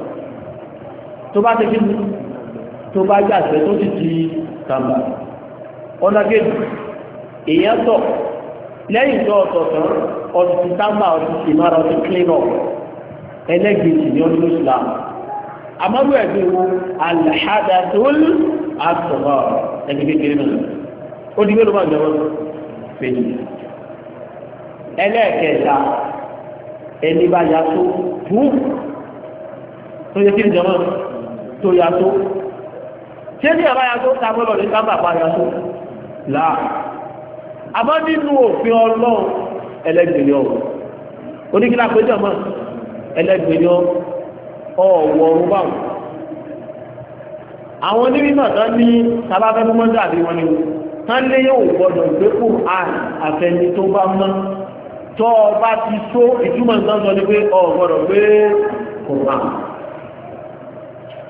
tó bá ti kí tó bá gbà sẹ́ tó ti di kàmbá ọ̀nà kejì èèyàn tọ̀ lẹ́yìn tó ọ̀tọ̀ọ̀tọ̀ ọdún ti sábà ọdún ti mára ọdún kílínọ̀ ẹlẹ́gbẹ̀ẹ́sì ní ọdún Islam amadu ẹbí wo alhadathul asghar ẹgbẹ́ kékeré náà ó di mélòó péjì ẹlẹ́ẹ̀kẹta ẹni bá ya tó bú tó yẹ kí ni jọmọ tó ya tó ṣé ní àbá ya tó ta gbọ́dọ̀ ní sábà bá ya tó là àmọ́ nínú òfin ọlọ́run ẹlẹ́gbẹ̀rẹ̀ ọ̀hún oníkìlá pé jọmọ ẹlẹ́gbẹ̀rẹ̀ ọ̀wọ̀ ọ̀run báwọn àwọn onímọ̀ tán ní sábà fẹ́ mú mọ́tò àbí wọn ni wọn tán lé yóò gbọdọ̀ gbé kù àfẹni tó bá mọ́ tọ́ ọ bá ti tó ìtumọ̀ nǹkan sọ ni pé ọ gbọdọ̀ gbé kù hàn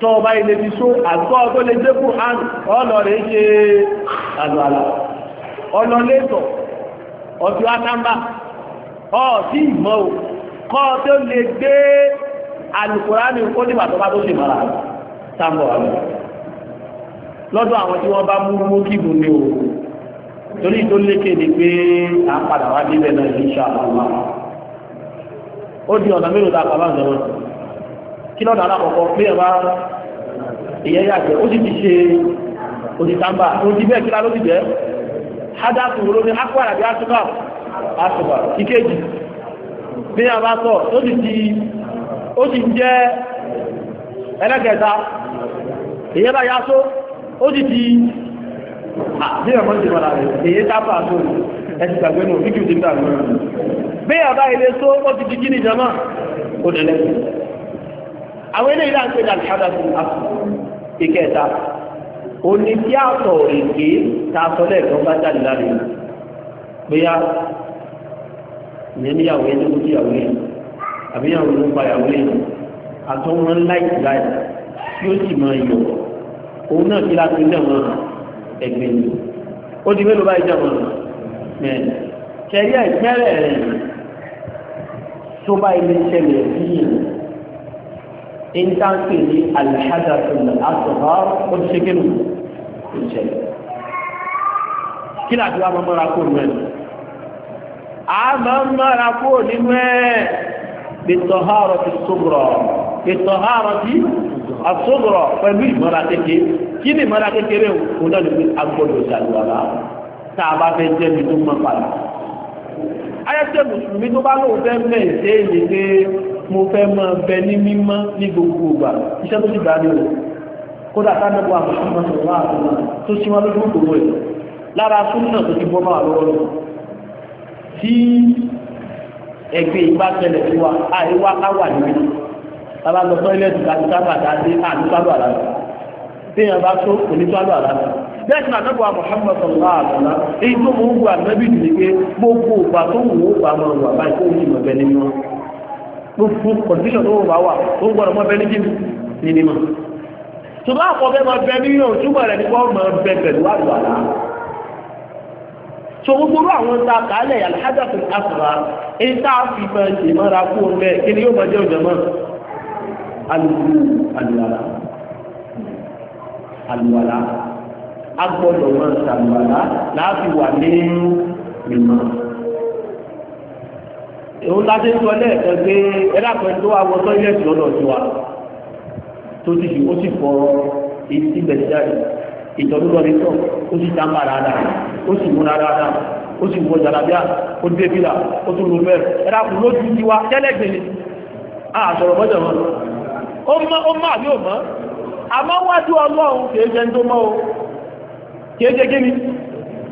tọ́ ọ bá ilé ti tó àgbọ̀ tó lè gbé kù hàn ọlọ́rẹ̀ ṣe àlùalà ọlọ́lẹ́tọ̀ ọ̀tí àtàmbà ọ̀tí ìmọ̀ o kọ́ tó lè gbé alùkùránì ó nígbà tó bá tó ṣe mọ́ra sáńbọ̀ àlùkùránì. lọ́dọ̀ àwọn tí wọ́n bá mú mú kíbu ni o torí tó lékè ni pé a ń padà wá débẹ̀ náà ó di ọ̀nà mélòó ta bàbá ọ̀nà kí lọ́dọ̀ alákọ̀ọ́kọ́ pé ẹ̀ bá ìyẹn yàgbẹ́ ó sì ti ṣe òdìtàmbà ó ti bẹ́ẹ̀ ti jẹ́ ló ní bí bí bá sọ ó ti ó ti jẹ́ ìyẹn bá yá só. ó ti di ah, àbí ọmọ ti padà rẹ̀ èyí tábà tó ẹ̀sì gbàgbé nù fíkì ti gbà mọ́ bí ọba ilé tó ó ti di kíni jama ó dẹ̀ lẹ́sìn àwọn eléyìí láti pè ní alihadasu asu ìkẹta òní tí a sọ èké tá a sọ lẹ́ẹ̀kan bá jáde lára yìí bóyá ìyẹn níyàwó yẹn tó kú síyàwó yẹn àbíyàwó ló ń pa ìyàwó yẹn àtọ́wọ́n láìpẹ́ láì yóò sì máa yọ̀ òun náà kí la fi jẹ wọn ẹgbẹ́ yìí ó di mélòó báyìí jẹ wọn mẹ kẹrí àìpẹrẹ rẹ tó bá ilé ṣẹlẹ̀ bíi intanke ní alihadatul asọfà ó ti ṣe kí ló ń ṣẹlẹ̀ kí làbí wa máa kó nù a máa mọra kó nínú ẹ bìtọ̀hárọ̀ ti sọ̀rọ̀ bìtọ̀hárọ̀ ti àsọ̀rọ̀ pẹ̀lú ìmọ̀ra kékeré kí ni ìmọ̀ra kékeré kò náà lè fi agbọ́dọ̀ ṣàlùwàlá tá a bá fẹ́ jẹ́ mi tó mọ̀ padà. ayẹ́sẹ̀ mùsùlùmí tó bá lóun fẹ́ mẹ́ ṣe é yé pé mo fẹ́ máa bẹ ní mímọ́ ní gbogbo ìgbà iṣẹ́ tó ti gbà ní o kódà sádẹ́gbọ́ àmọ̀sánmọ́ sọ̀rọ̀ àtúnmọ́ tó síwá lójú gbogbo ẹ̀ lára súnmọ́ tó ti bọ́ máa lọ́wọ́ lọ tí ẹgbẹ́ ìbá tẹ̀lẹ̀ sí wa àìwá káwà níbi tábà lọ tọ́ílẹ̀tì láti sábà dáadé àdúgbò àlá téèyàn bá tó onítọ́lù àlá bẹ́ẹ̀ sì nàdọ́gbọ̀ wa Muhammad sallallahu alaihi wasallam èyí tó mọ̀ ń gbọ́ ànábì dìde pé gbogbo ògbà tó wù ó bá máa wà báyìí kó o sì mọ̀ bẹ́ẹ̀ nínú wọn gbogbo kọ̀ǹtíṣọ̀ tó wà wà ó ń gbọ́dọ̀ mọ́ bẹ́ẹ̀ nínú mọ́ ṣùgbọ́n àkọ́bẹ́ máa bẹ nínú ìtumọ̀ rẹ̀ nípa ọmọ bẹ pẹ̀lú àlọ́ àlá sọgbogbo àwọn ta kàálẹ̀ alhadath al-asghar èyí tá a fi máa ṣe mọ́ra kú ọ̀gbẹ́ kí ni yóò máa jẹ́ ọ̀jọ̀ mọ́ alùpùpù àlùwàlà àlùwàlà agbọ́dọ̀ máa ṣàlùwàlà láàfin wà ní ìmọ̀ èwo láti ń sọ lẹ́ẹ̀kan pé ẹlẹ́pàá tó wà wọ tọ́lẹ́tì lọ́dọ̀ sí wa tó ti fi ó sì fọ etí bẹ̀rẹ̀ jáde ìtọ́jú lọ́ni tọ́ ó sì dáńbà dáadáa ó sì múra dáadáa ó sì wọ jàlábíà ó dé bílà ó tún lo bẹ́ẹ̀ ẹlẹ́pàá lójú tiwa tẹ́lẹ̀ gbèrè àṣọ̀rọ̀ bọ́jọ̀ wọn ó mọ́ ó mọ́ àbí ò mọ́ àmọ́ wájú ọlọ́run kìí jẹ́ tó mọ́ o kìí jẹ́ kí ni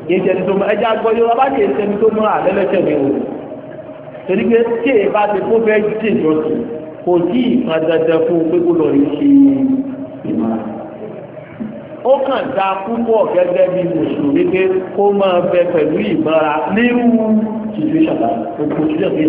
kìí jẹ́ tó mọ́ ẹja gbọ́ yóò bá kìí jẹ́ tó mọ́ àlẹ́lẹ́sẹ̀ mi o torí pé tí èyí bá ti kó fẹ́ jì jọ sí kò tí ì kan dandan fún pé kó lọ rí ṣe ìmọ̀ ó kàn dá púpọ̀ gẹ́gẹ́ bí mùsùlùmí pé kó máa bẹ pẹ̀lú ìmọ̀ra nírú situation tó kò tí ì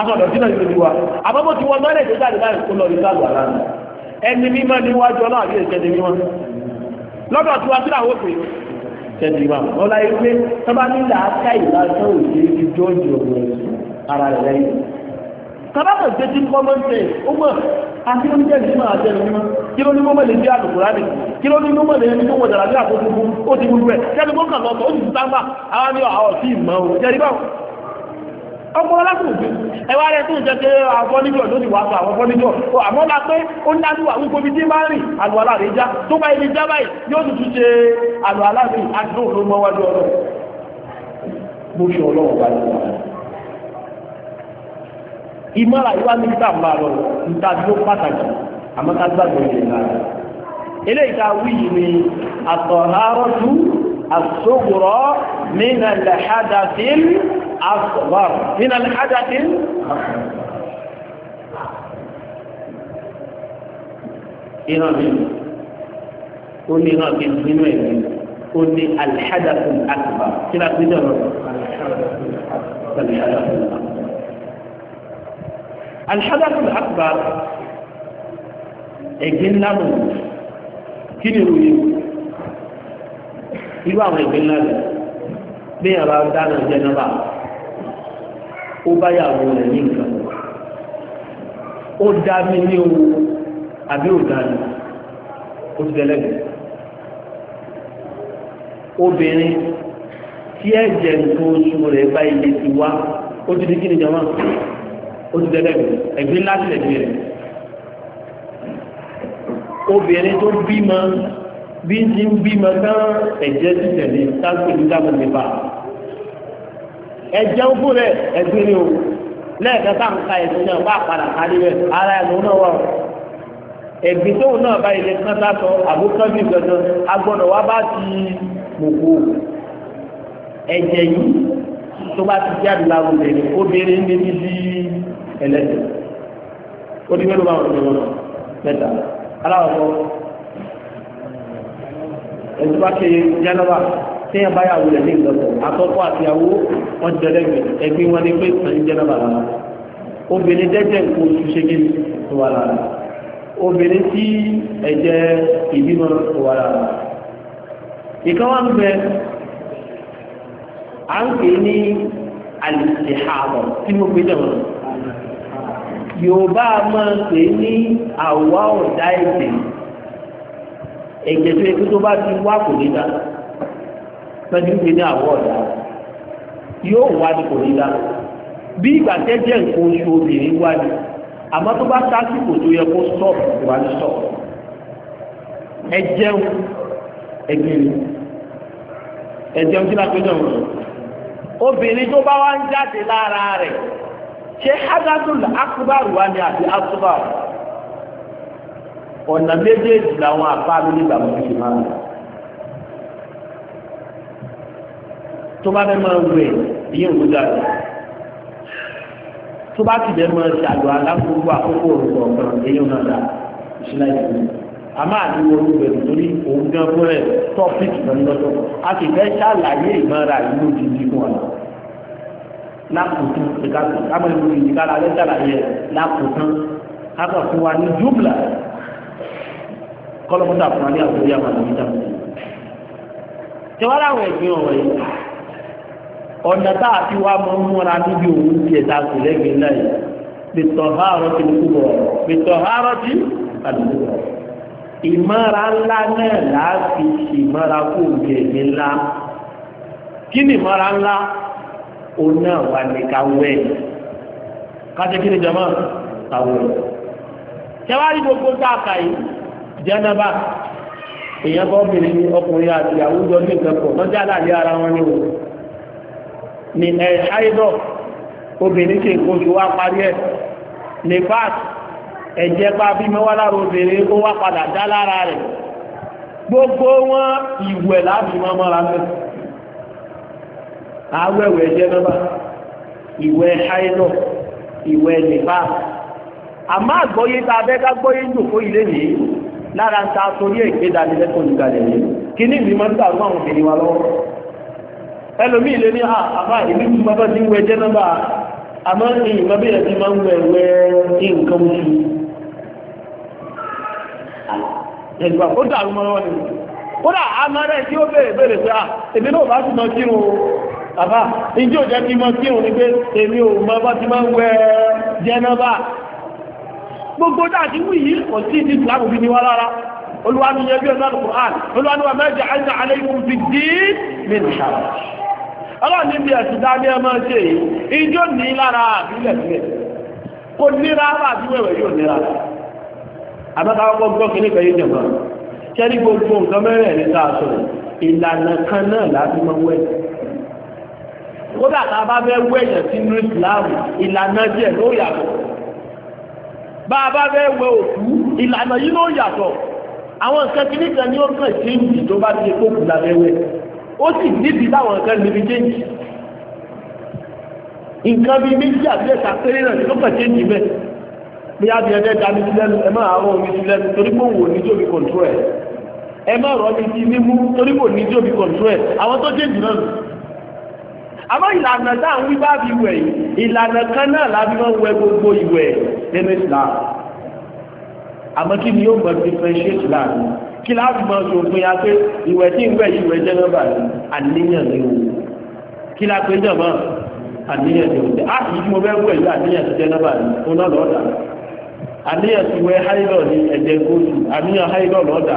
asọ̀dọ̀ sínú ìlú ti wa àmọ́ mo ti wọ náà lẹ́sẹ̀ jáde láì kó lọ rí sáàlù àlá ẹni mímọ́ ni wájú ọlọ́run àbí ìṣẹ́ni mímọ́ lọ́dọ̀ tí wá sílẹ̀ àwọn òfin ìṣẹ́ni mímọ́ wọn láyé pé tó bá ní làákà ìlàsán òjì ti jọ́ọ̀jì ọ̀gbọ̀n ara rẹ̀ lẹ́yìn kàbàkà ṣe ti kọ́ mọ́tẹ́ ó mọ̀ àti ló ń jẹ́ ìṣúná àti ẹ̀rọ mímọ́ kí ló ní mọ́mọ́ lè bí àlùkùrá nì kí ló ní mọ́mọ́ lè ní mọ́mọ́ dàrá bí àkókò ó ti gbogbo ẹ̀ kí ẹni mọ́kàn lọ́tọ̀ ó sì ti sáńgbà àwọn ní ọ̀ ọpọlọ lásìkò sí ẹwà rẹ tó ń jẹ pé àfọ́níjọ ló ti wà sọ àwọn fọ́níjọ tó àmọ́ la pé ó ń dájú àwọn gbogbo tí máa ń rìn àlọ́ aláàrẹ já tó bá ibi já báyìí yóò tuntun ṣe àlọ́ aláàrẹ àdúró ló mọ́ wájú ọlọ́run bá ní ìwà ní ìta máa lọ pàtàkì àmọ́ ká gbàgbọ́ ìlẹ̀ náà eléyìí الصغرى من الحدث الأصغر من الحدث iná mi ó ní iná mi nínú ẹ̀mí ó ní alihadafu akpa kí ló ti dọ̀ lọ. alihadafu akpa ẹ̀gbin ńlá mọ̀ kí ni ìròyìn irú àwọn ìpínlẹ̀ rẹ̀ bí yàrá dáná jẹnaba ó bá yàwó rẹ̀ ní nǹkan ó dá mi ní owó àbí ó dá mi ó ti dẹlẹ́gbẹ̀ẹ́ obìnrin tí ẹ̀jẹ̀ nǹkan oṣù rẹ̀ bá ilé ti wá ó ti di kí ni jọmọ́ ó ti dẹlẹ́gbẹ̀ẹ́ ẹ̀gbin láti lẹ̀ bí obìnrin tó bímọ bí ti ń bímọ tán ẹ̀jẹ̀ ti tẹ̀lé táǹkì ní dáàbò nípa ẹ̀jẹ̀ ń fún rẹ̀ ẹ̀gbìn ni o lẹ́ẹ̀kan táǹkà ẹ̀sìn náà wà padà kárí rẹ̀ ara ẹ̀ lòun náà wà o ẹ̀gbìn tóun náà bá ilé kan lásán àbúkọ́bí gbọ̀ngàn agbọ́dọ̀ wá bá ti mòkó ẹ̀jẹ̀ yìí tó bá ti jáde lára obìnrin obìnrin ní níbi ẹlẹ́dẹ̀ ó ní mélòó bá wọn lọ́wọ́ ẹ̀tọ́ bá ṣe jẹ́nàbà tí ẹ báyà wulẹ̀ ní ìgbọ̀tọ̀ àtọ́kọ́ àti àwọ wọn jẹlẹ́gbẹ̀ ẹgbẹ́ wọn ni pé sàn jẹ́nàbà lára obìnrin dẹ́jẹ̀ nǹkan oṣù ṣe kí tó wà lára obìnrin tí ẹ̀jẹ̀ ìbímọ tó wà lára ìkan wà ń bẹ à ń pè ní alìsèhàmọ̀ tí mo gbé dẹ̀wọ̀n Yorùbá máa ń pè ní àwa ọ̀dá ìdè èdè tó yẹ kó tó bá ti wá kò ní dá pẹ̀lú ìwé ní àwọ̀ ọ̀dà yóò wá ní kò ní dá bí ìgbà tẹ́jẹ̀ nǹkan oṣù obìnrin wá ní àmọ́ tó bá sásìkò tó yẹ kó stop wà ní stop ẹ jẹun ẹgbẹ̀rún ẹ jẹun tí láti ọjọ́ wọn obìnrin tó bá wá ń jáde lára rẹ̀ ṣé hadathul akbar wá ní àti asubar ọ̀nà méjèèjì làwọn àbá mi nígbà mọ́ fi máa ń lò. tó bá fẹ́ máa wẹ̀ ìyẹn òun dára tó bá ti bẹ́ẹ̀ máa ṣàlù alágbogbo àkókò òrùkọ̀ ọ̀kan ìyẹn òun dára ìṣúná ìṣúná àmọ́ àdúgbò olùgbé nítorí òun gan fún ẹ̀ tọ́pìkì kan lọ́tọ̀ a sì fẹ́ ṣàlàyé ìmọ̀ra ìlú òjijì fún ọ̀nà lákòótán ìkàkùn kámẹ́rin ìdíkàlà lẹ́sàlàyé lákòótán a kàn fún wa ní jùmùlà kọ́lọ́mọ́tà fún wa ní àwùjọ àwọn àdìmíjà. tiwọ́n láwọn ẹ̀gbìn ọ̀rọ̀ yìí ọ̀nà tá a fi wá mọ́ múra níbi òun tiẹ̀ tá a sì lẹ́gbẹ̀ẹ́ náà yìí pẹ̀tọ̀ hárọ̀ ti kú bọ̀ pẹ̀tọ̀ hárọ̀ ti kàdùkú bọ̀. ìmọ̀ra ńlá náà láti ìmọ̀ra kó gẹ̀ẹ́mí ńlá kí ni ìmọ̀ra ńlá òun náà wà ní káwẹ́ kájẹ́ kí ni jọmọ́ káwẹ́. ṣé wàá rí gbogbo dáàkà yìí jẹ́nàbà èèyàn bá obìnrin ní ọkùnrin àti àwùjọ ní nǹkan pọ̀ lọ́jà láàyè ara wọn ni wọ́n ní ẹ̀ ṣáìdọ̀ obìnrin ṣe nǹkan oṣù wa parí ẹ̀ ní fat ẹ̀jẹ̀ pa bímọ wá lára obìnrin ó wá padà dá lára rẹ̀ gbogbo wọn ìwẹ̀ láti máa mọ́ra mẹ́ awẹ́wẹ̀ jẹ́nàbà ìwẹ̀ ṣáìdọ̀ ìwẹ̀ ní fat àmọ́ àgbọ́yé tá a fẹ́ ká gbọ́yé jòkó ilé nìyí. lára ń ta torí èké dánilẹ́kọ̀ọ́ olùkàlẹ̀ yìí kí ní ìlú ń tà fún àwọn obìnrin wa lọ́wọ́ ẹlòmí lè ní àbá ìlú tí bàbá ti wẹ jẹ́ nọ́mbà àmọ́ mọ́ lọ́wọ́ ni kódà amárẹ̀ tí ó ti mọ kírun o bàbá ìjọ jẹ́ kí mọ pé èmi ò mọ bá gbogbo dáàdì wù yìí kò sí ní islam fi ní wá rárá olúwa mi yẹ bí ọ̀nà alukur'an olúwa ni wà mẹ́jọ ẹ̀jẹ̀ aleikum fi dín mí ní sàrà ọlọ́run níbi ẹ̀sìn dání ẹ máa ṣe yìí ijó ní lára àbílẹ̀ sílẹ̀ kò nira àbí wẹ̀wẹ̀ yóò nira àbẹ́ká ọkọ̀ gbọ́ kí ní kẹ́yìn jẹ̀mọ́ sẹ́ni gbogbo nǹkan mẹ́rẹ̀ẹ̀rin ní sáà sọ̀rọ̀ ìlànà kan náà láti máa wẹ̀ kódà tá a bá fẹ́ wẹ̀yẹ̀ sínú ìsìláàmù ìlànà díẹ̀ ló bá a bá fẹ́ wẹ òkú ìlànà yìí ló yàtọ̀ àwọn nǹkan kìíní kan ni ó kàn chéǹjì tó bá ti kó kùlà lẹ́wẹ̀ ó sì níbi láwọn nǹkan níbi chéǹjì nǹkan bíi méjì àti ẹ̀ka péré náà ló kàn chéǹjì bẹ́ẹ̀ bí a bí ẹ dẹ́ta mi sílẹ̀ ẹ máa rọ omi sílẹ̀ torí pé òun ò ní tóbi kọ̀ǹtúrọ̀ ẹ̀ ẹ máa rọ omi sí mímú torí pé òun ò ní tóbi kọ̀ǹtúrọ̀ ẹ̀ àwọn tó chéǹjì náà àmọ́ ìlànà tá à ń wí bá fi wẹ̀ ìlànà kan náà la fi máa ń wẹ gbogbo ìwẹ̀ nínú Islam àmọ́ kí ni yóò mọ̀ differentiate láàrin kí láti mọ̀ ṣòfin ya pé ìwẹ̀ tí ń wẹ̀ yìí wẹ̀ jẹ́ nọ́mbà àníyàn ni o kí la pé náà mọ̀ àníyàn ni o jẹ́ á yìí mo fẹ́ wẹ̀ yìí àníyàn ti jẹ́ nọ́mbà o náà lọ́ọ̀dà àníyàn ti wẹ̀ háìlọ̀ ní ẹ̀jẹ̀ gbòòsù àníyàn háìlọ̀ lọ́ọ̀dà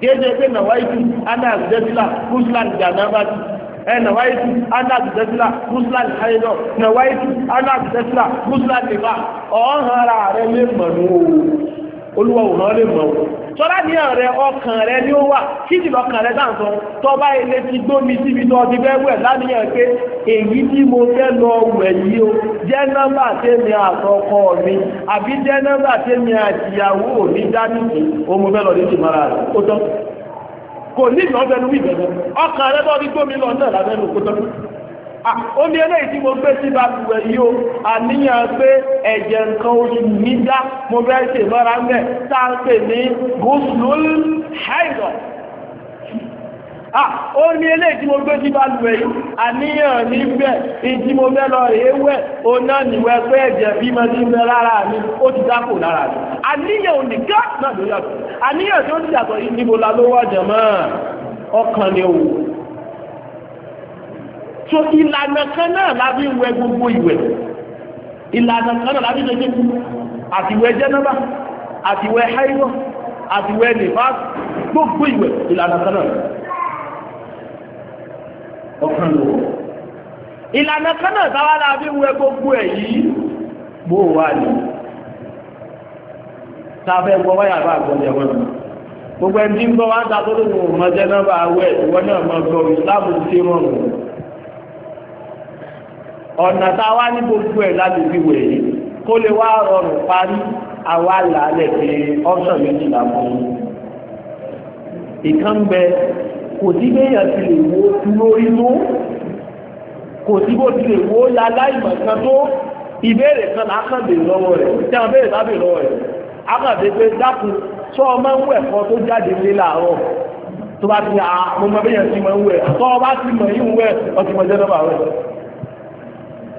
kéde pé nàwáìtù anas dẹ́sílà muslim janabati ẹ nàwáìtù anas dẹ́sílà muslim haidọ nàwáìtù anas dẹ́sílà muslim nìbà ọ̀hánra rẹ lè mọ̀ o olúwa ò rán lè mọ̀ o tọ́lá ní ọ̀rẹ́ ọkàn rẹ ni ó wà kí ni ọkàn rẹ dáhùn sọ tọ́ba ilé ti gbómi síbi tó ti fẹ́ wẹ̀ láníyàn pé èyí tí mo fẹ́ lọ wẹ̀ yìí o jẹ́ nọ́mbà tèmi àtọkọ mi àbí jẹ́ nọ́mbà tèmi àtìyàwó mi dání sí o mo fẹ́ lọ ní ìmọ̀ra rẹ̀ ó tán kò ní ìlọ́bẹ̀nu wíbẹ̀ ọkàn rẹ bọ́ fi gbómi lọ náà lábẹ́nu kó tán Ah, ó ní eléyìí tí mo gbé sí balùwẹ̀ yìí o àníyàn pé ẹ̀jẹ̀ nǹkan oṣù mi dá mo fẹ́ ṣe mọ́ra ń bẹ̀ tá a ń pè ní gúúsùlùl haidọ̀ ah, ó ní eléyìí tí mo gbé sí balùwẹ̀ yìí àníyàn níbẹ̀ ìdí mo fẹ́ lọ rèé wẹ̀ ó náà níwẹ̀ pé ẹ̀jẹ̀ bí mo ti ń lára mi ó ti dákò lára mi àníyàn ò ní gá náà ló yàtọ̀ àníyàn tí ó ti yàtọ̀ yìí níbo la ló wà jẹ̀mọ́ ọkàn ni òwò so ìlànà kan náà lábí wẹ gbogbo ìwẹ̀ ìlànà kan náà lábí ṣe àtiwẹ̀ jẹ́nàbà àtiwẹ̀ haibọ̀ àtiwẹ̀ nìfàs gbogbo ìwẹ̀ ìlànà kan náà ọ̀kan lò ìlànà kan náà táwa lábí wẹ gbogbo ẹ̀ yìí bó wà ní sáfẹ́ gbọ́ wáyà bá àgbọ̀jẹ̀ wọn gbogbo ẹni tí ń bọ́ wá ń ta tó lóun ò mọ jẹ́nàbà awẹ́ ìwọ náà mọ gbọ́ ìsìlámù ti rọrùn ọ̀nà tá a wá ní gbogbo ẹ̀ láti fi wẹ̀ yìí kó lè wá rọrùn parí àwa là á lẹ̀ pé option méjì là fún un. ìkan bẹ kò sí béèyàn ti lè wo lórí mú kò sí bó ti lè wo láláìmọ̀ kan tó ìbéèrè kan là á kàn béèrè lọ́wọ́ rẹ̀ tí àwọn béèrè bá béèrè lọ́wọ́ rẹ̀ á kàn dé pé dákun sọ ọ máa ń wẹ̀ kan tó jáde lé làárọ̀ tó bá ti ní àwọn ah, ọmọ béèyàn ti máa ń wẹ̀ tó o bá ti mọ̀ yín wẹ̀ ọtí mọ̀ jẹ́ lọ́wọ́ rẹ̀.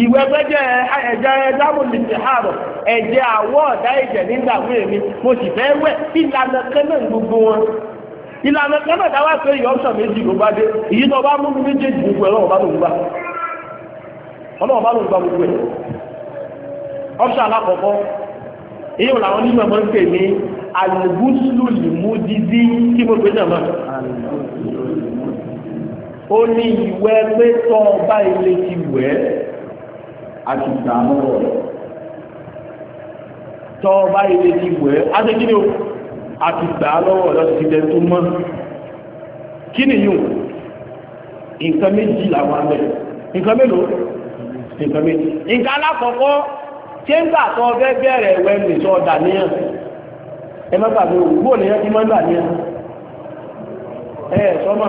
ìwẹ̀ gbẹ́jẹ́ ẹ̀jẹ̀ ẹ̀dáwò lè ṣe àrọ̀ ẹ̀jẹ̀ àwọ̀ ọ̀dá ẹ̀jẹ̀ nígbàwó èmi mo sì fẹ́ wẹ̀ ìlànà kan náà gbogbo wọn ìlànà kan náà dáwà pé ìyọ̀ ọ̀sán méjì ló bá dé èyí tó bá mú mi méjèèjì gbogbo ẹ̀ lọ́wọ́ bá lòun gbà ọlọ́wọ́ bá lòun gbà gbogbo ẹ̀ ọ̀sán alákọ̀ọ́kọ́ èyí làwọn onímọ̀ máa ń pè ní alùbùsùlù lìmúdídí kí mo gbé náà mọ́ ó ní ìwẹ́ pé tọ́ ọba ilé ti wẹ̀ ẹ́ àti gbà lọ́wọ́ rẹ̀ tọ́ ọba ilé ti wẹ̀ ẹ́ adékíni o àti gbà lọ́wọ́ rẹ̀ ti dẹ̀ tó mọ́ kí ni yóò nǹkan méjì làwọn abẹ nǹkan mélòó nǹkan méjì nǹkan alákọ̀ọ́kọ́ ṣé ń gbà tọ́ ọbẹ̀ bẹ̀rẹ̀ ẹ̀wẹ̀ nìṣọ́ ọ̀dà níyàn ẹ má gbàgbé òwúrò nìyàn ti má gbà níyàn ẹ̀ ẹ̀ sọ́mà.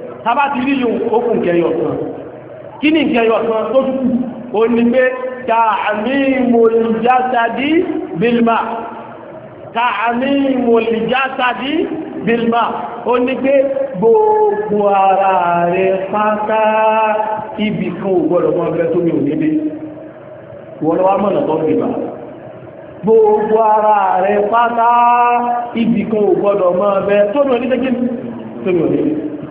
tábà ti rí yòó okùn kẹyọ kan kí ni kẹyọ kan tó kù ó ní pé ta'mimul jasadi bilma ta'mimul jasadi bilma ó ní pé gbogbo ara rẹ pátá ibì kan ò gbọdọ̀ mọ́ abẹ́rẹ́ tó mi ò nílé wọ́n lọ́wọ́ mọ̀nà tó fi bà gbogbo ara rẹ pátá ibì kan ò gbọdọ̀ mọ́ abẹ́rẹ́ tó mi ò nílé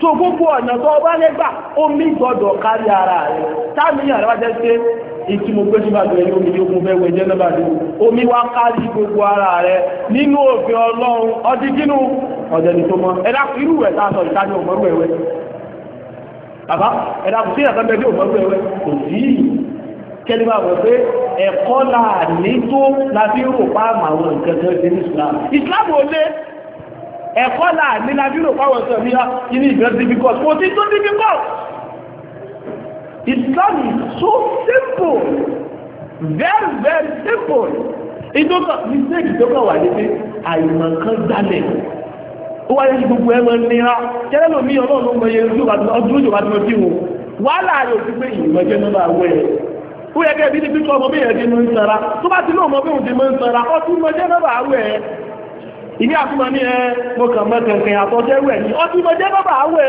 tó gbogbo ọ̀nà tó ọba gbà omi gbọdọ̀ kárí ara rẹ̀ táàmìyàn rẹ̀ wá jẹ́ pé ìtí mo gbé síbà tó omi yóò mú fẹ́ wẹ jẹ́ lọ́ba omi wá kárí gbogbo ara rẹ̀ nínú òfin ọlọ́run ọdí ọ̀dẹ̀ni tó ẹ̀dá irú ẹ̀ a sọ ìta ni òmọ́rú ẹ̀wẹ́ bàbá ẹ̀kọ́ là nílá bí lòpá wọ̀ sọ níyà inú ìgbẹ́ difficult kò sí tó difficult Islam is so simple very very simple ìdókọ̀ mistake ìdókọ̀ wà ní pé àìmọ̀ kan dálẹ̀ ó wáyé ní gbogbo ẹ̀rọ nira tẹ́lẹ̀ lómi ọlọ́run ló mọ iye ọdún òjò bá ti mọ sí wọn wàhálà rẹ̀ òfin pé ìmọ̀ jẹ́ nọ́mbà wẹ̀ ó yẹ kẹ́ ẹ̀bí ní pípọ̀ ọmọ bí ẹ̀dínú ń sara tó bá ti lóun mọ bí òun ti mọ ń sara ọtún mọ jẹ́ nọ́mbà wẹ̀ ìní àtúmọ̀ ní ẹ mo kàn mọ́ kẹ̀kẹ́ àtọ́jẹ́ wẹ̀ ní ọtí mo jẹ́ bàbá àwẹ̀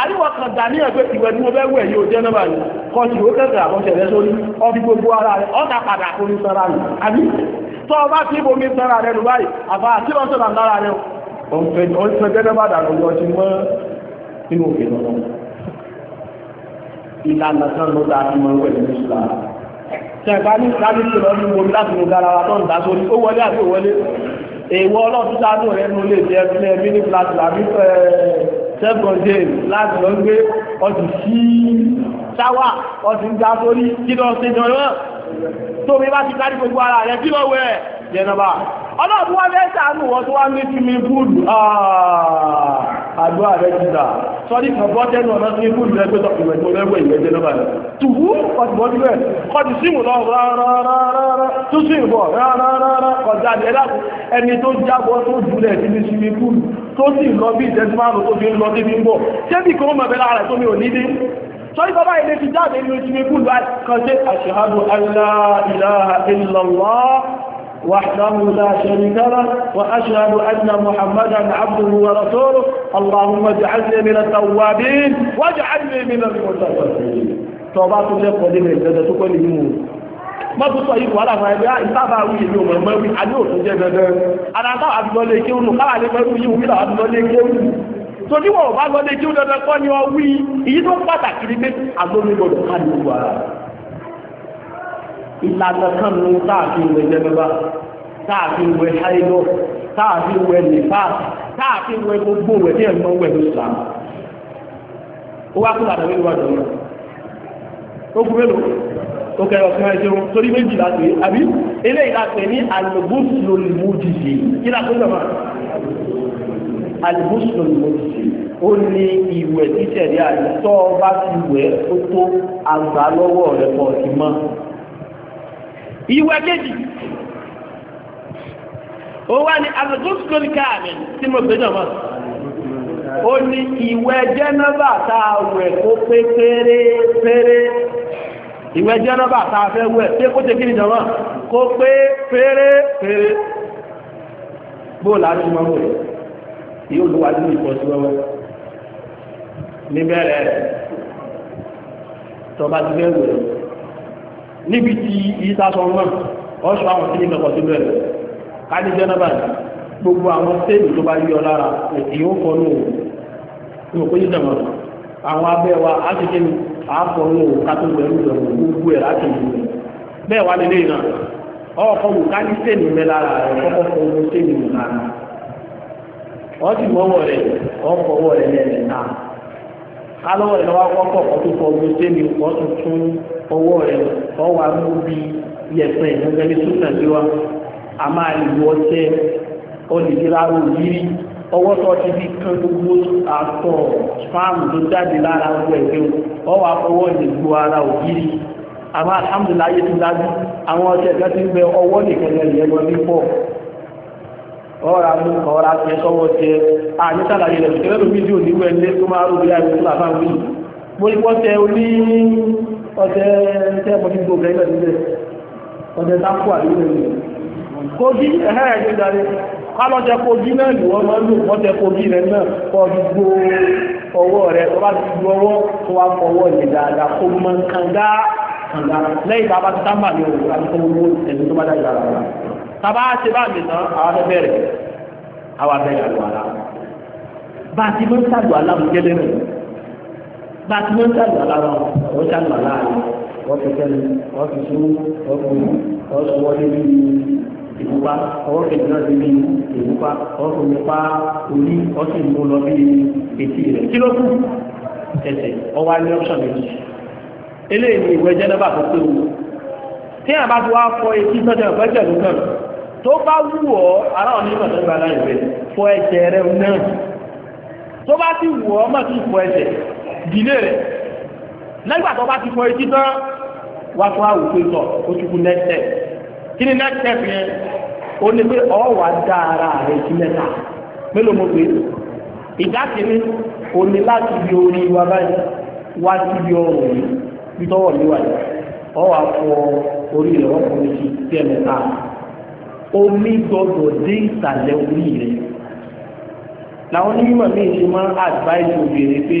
àríwọ̀ kan dà ní ẹgbẹ́ ìwẹ̀ tí mo fẹ́ wẹ̀ yóò jẹ́ nọ́mbà yìí kọ́ sí ìwé kẹ̀kẹ́ àtọ́jẹ́ sórí ọbí gbogbo ara rẹ̀ ọ̀tà padà fomi sanra rẹ̀ àbí tọ́ ọba tí bomi sanra rẹ̀ lù báyìí àbá tí wọ́n sọ̀rọ̀ lára rẹ̀ ọ̀nfẹ̀jẹ́ nọ́mbà dànù yọ ti mọ́ nínú òfin lọ́wọ́ ìlànà èèwọ̀ ọlọ́run sánú rẹ̀ nù lè jẹ́ ẹgbẹ́ mini flat làbí fẹ́ seven days láti lọ gbé ọdún sí sáwà ọdún ga sórí kí lọ sí jọ̀ọ́ tóbi bá ti kárí gbogbo ara rẹ̀ kí lọ wẹ̀ jẹ́ náà bá ọlọ́run wá fẹ́ sàánù wọn tó wá ní swimming pool àgbọ́ ààrẹ jìdá sọ́dí kan bọ́ tẹ́nu ọ̀nà swimming pool rẹ̀ pẹ́tọ̀ ìwẹ̀ tó rẹ̀ wẹ̀ ìwẹ̀ jẹ́ lọ́ba rẹ̀ tùwú ọ̀tìbọ́dí rẹ̀ kọ́dí símù lọ rárárárá tó sì ń bọ̀ rárárárá kọjá ní ẹlá ẹni tó jábọ́ tó jùlẹ̀ sí ní swimming pool tó sì lọ bí ìtẹ́sí márùn tó fi ń lọ débi ń bọ̀ ṣébì kan mọ̀ bẹ́lá rẹ̀ tó mi ò ní dé sọ́yí bàbá ilé ti jáde nínú swimming pool báyìí kan ṣe ashhadu an la ilaha illallah وحده لا شريك له وأشهد أن محمدا عبده ورسوله اللهم اجعلني من التوابين واجعلني من المتفكرين tọba tó lẹ́kọ̀ọ́ lébẹ̀ ìdẹ́dẹ́ tó kọ́ lè mú un mọ́tò sọ yìí wàhálà fún ẹgbẹ́ ìsábà wí èmi ò mọ̀ wí a ní òtún jẹ́ dandan ara táwọn àbúgbọ́ lè kéwù nù káwà lè mẹ́rù yìí wí làwọn àbúgbọ́ lè kéwù tó níwọ̀n ò bá gbọ́ lè kéwù dandan kọ́ ni ọ wí ìyí tó pàtàkì ni pé àgbọ̀n mi gbọ́dọ̀ ká ní gbogbo ara rẹ̀ ìlànà kan ní táàfin wẹ̀ jẹ́nẹ́bà táàfin wẹ̀ háìlọ́ táàfin wẹ̀ nìfà táàfin wẹ̀ gbogbo wẹ̀ ní ẹ̀mọ́ wẹ̀ ní islam ó wá kúrò àdàbí ìwádìí ọ̀nà ó kú mélòó ó kẹ́ ọ̀kan ẹ̀jẹ̀ wọn torí méjì láti àbí eléyìí láti ní alùbùsùlù lùmùjìjì kí láti ń alùbùsùlù lùmùjìjì ó ní ìwẹ̀ títẹ̀lé àyè tó bá ti wẹ̀ ó tó àgbà lọ́wọ́ rẹ̀ pọ̀ sí mọ́ ìwé kejì ó wá ní alagosukoli káàmì tí mo gbé náà mọ ó ní ìwé jẹnẹba tá a wẹ̀ kó pé pérépéré ìwé jẹnẹba tá a fẹ́ wẹ̀ pé kó tẹ kí ni jọmọ kó pé pérépéré bó làánú mọ wẹ̀ yóò lu wájú ìfọsí wẹwẹ níbẹ̀rẹ̀ tọba ti fẹ́ wẹ̀. níbi tí ìsásọ náà ọ̀ṣọ́ àwọn tí ní sí bẹ̀rẹ̀ káàdì jẹ́nàbà gbogbo àwọn sẹ́ẹ̀lì tó bá yọ lára fọ́ ní àwọn abẹ́ wa ti kéwì á fọ́ nù kátó bẹ̀rù gbogbo ẹ̀ láti ìlú bẹ́ẹ̀ wá nílé ọkọ̀ káàdì sẹ́ẹ̀lì mẹ́ lára rẹ̀ kọ́kọ́ fọ́ sẹ́ẹ̀lì lára mọ́wọ́ rẹ̀ rẹ̀ ọwọ́ rẹ̀ ọwọ́ amúbi yẹ̀pẹ̀ gẹ́gẹ́ bí súnà sí wa a máa lè wọ ọṣẹ olùdíláwò yìí ọwọ́ tó ti fi kan gbogbo àtọ̀ fáàmù tó jáde lára ọwọ́ ẹ̀gbẹ́ ọwọ́ afọwọ́ ìdìbò ara ògiri àwọn alhamdulilayi ti dájú àwọn ọṣẹ kan ti ń bẹ ọwọ́ nìkan lẹ́yìn ẹgbẹ́ bí pọ̀ ọ̀rọ̀ mú ọ̀rọ̀ àti ẹ̀sọ́wọ́ jẹ àyíṣàlàyé rẹ̀ kẹlẹ́lómi tí ò níwẹ̀ lé tó máa rú bí i àìsílà fáwọn yìí mo ní wọ́n tẹ oní ọ̀tẹ́ tẹ́ mọ́ nígbò bẹ́ẹ̀ níbẹ̀ ọ̀tẹ́ tápù àdúgbò rẹ̀ kogi ẹ̀hẹ́ ẹ̀jẹ̀ darí kálọ́jẹ kogi náà ni wọ́n máa ń lò mọ́tẹ kogi rẹ̀ náà kọ́ fi gbó ọwọ́ rẹ̀ tó bá ti gbó ọwọ́ tó wá fọwọ́ yẹn dáadáa kó mọ kànga kànga lẹ́yìn tá a bá ti dámbà ní òwúrọ̀ àti kọ́wọ́ owó ẹ̀mí tó bá dá ìyára rẹ̀ tàbá ṣe bá mi tán àwọn abẹ́ bẹ̀rẹ̀ àwọn abẹ́ yàrá bá a ti mọ́ sáàdù aláàmú gẹ́lẹ́ rẹ̀ bá a ti máa ń sàlù alára wọn wọ́n sàlù alára wọ́n fi sẹ́nu wọ́n fi sún wọ́n fi wọ́n sọ wọ́n débi ìfúnpá ọwọ́ kejì náà débi ìfúnpá ọwọ́ kejì pa orí ọ̀sìn mú lọ bí etí rẹ̀ kí ló kù ẹsẹ̀ ọwọ́ alẹ́ ọ̀sán méjì eléyìí ni ìwé jẹ́nẹ́bà tó pé wù tí àbá ti wá fọ etí sọ́jà ìfẹ́jẹ̀ ló náà tó bá wù ọ́ ará òní ìmọ̀ sẹ́gbàá láì rẹ̀ fọ ẹsẹ̀ rẹ̀ náà tó bá ti wù ọ́ mọ̀ sí ìfọ ẹsẹ̀ dìlé rẹ̀ lẹ́gbà tó bá ti fọ etí tán wá tó wá wùpé ó ti kú next step kí ni next step yẹn ó ní pé ọ̀ wá dá ara rẹ̀ sí mẹ́ta mélòó mo pè é ìdá kìíní ó ní láti bí orí wa báyìí wá sí bí ọrùn yìí nítọ́wọ̀ níwájú ọ̀ wá fọ orí rẹ̀ wọ́n fọ etí sí ẹ̀mẹ́ta omi gbọdọ̀ dé ìsàlẹ̀ orí rẹ̀ làwọn onímọ̀ mi ṣe máa ń obìnrin pé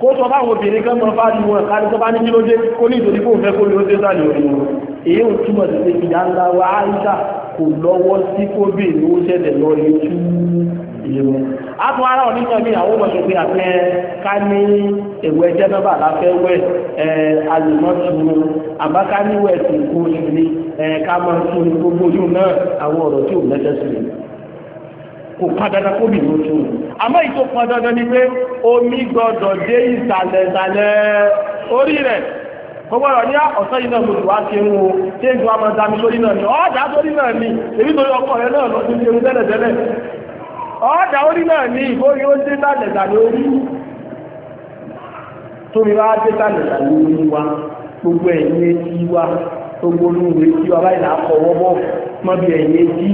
kó sọ báwọn obìnrin kan mọ́ fáàlì wọn káàdì tó bá ní kí ló dé kó ní ìtòrí kó fẹ́ kó ló dé sáàlì orí wọn èyí ò túmọ̀ sí pé ìyá ńlá wa Àìṣà kò lọ́wọ́ sí kóbì ní ó ṣẹlẹ̀ lọ rí tú ìrún a tún ara òní kan ní àwọn ọmọ pé àpẹ ká ní ẹ̀wọ̀ ẹjẹ́ nọ́bà láfẹ́ wẹ̀ ẹ̀ alùmọ́tún àbá ká níwẹ̀ sí kó ní ká máa tún gbogbo yóò náà àwọn ọ̀rọ̀ tí ò lẹ́sẹ̀ sí kò pa dandan kó bì lóṣù àmọ́ ìtò pa ni pé omi gbọ́dọ̀ dé ìsàlẹ̀ orí rẹ̀ gbogbo ní ọ̀sán yìí náà mo tù wá ṣe ń wo ṣé ìgbà máa da sórí náà ni ọ̀ọ́dà sórí náà ni ọkọ rẹ náà lọ sí wa gbogbo ẹ̀yìn etí wa gbogbo olúwe tí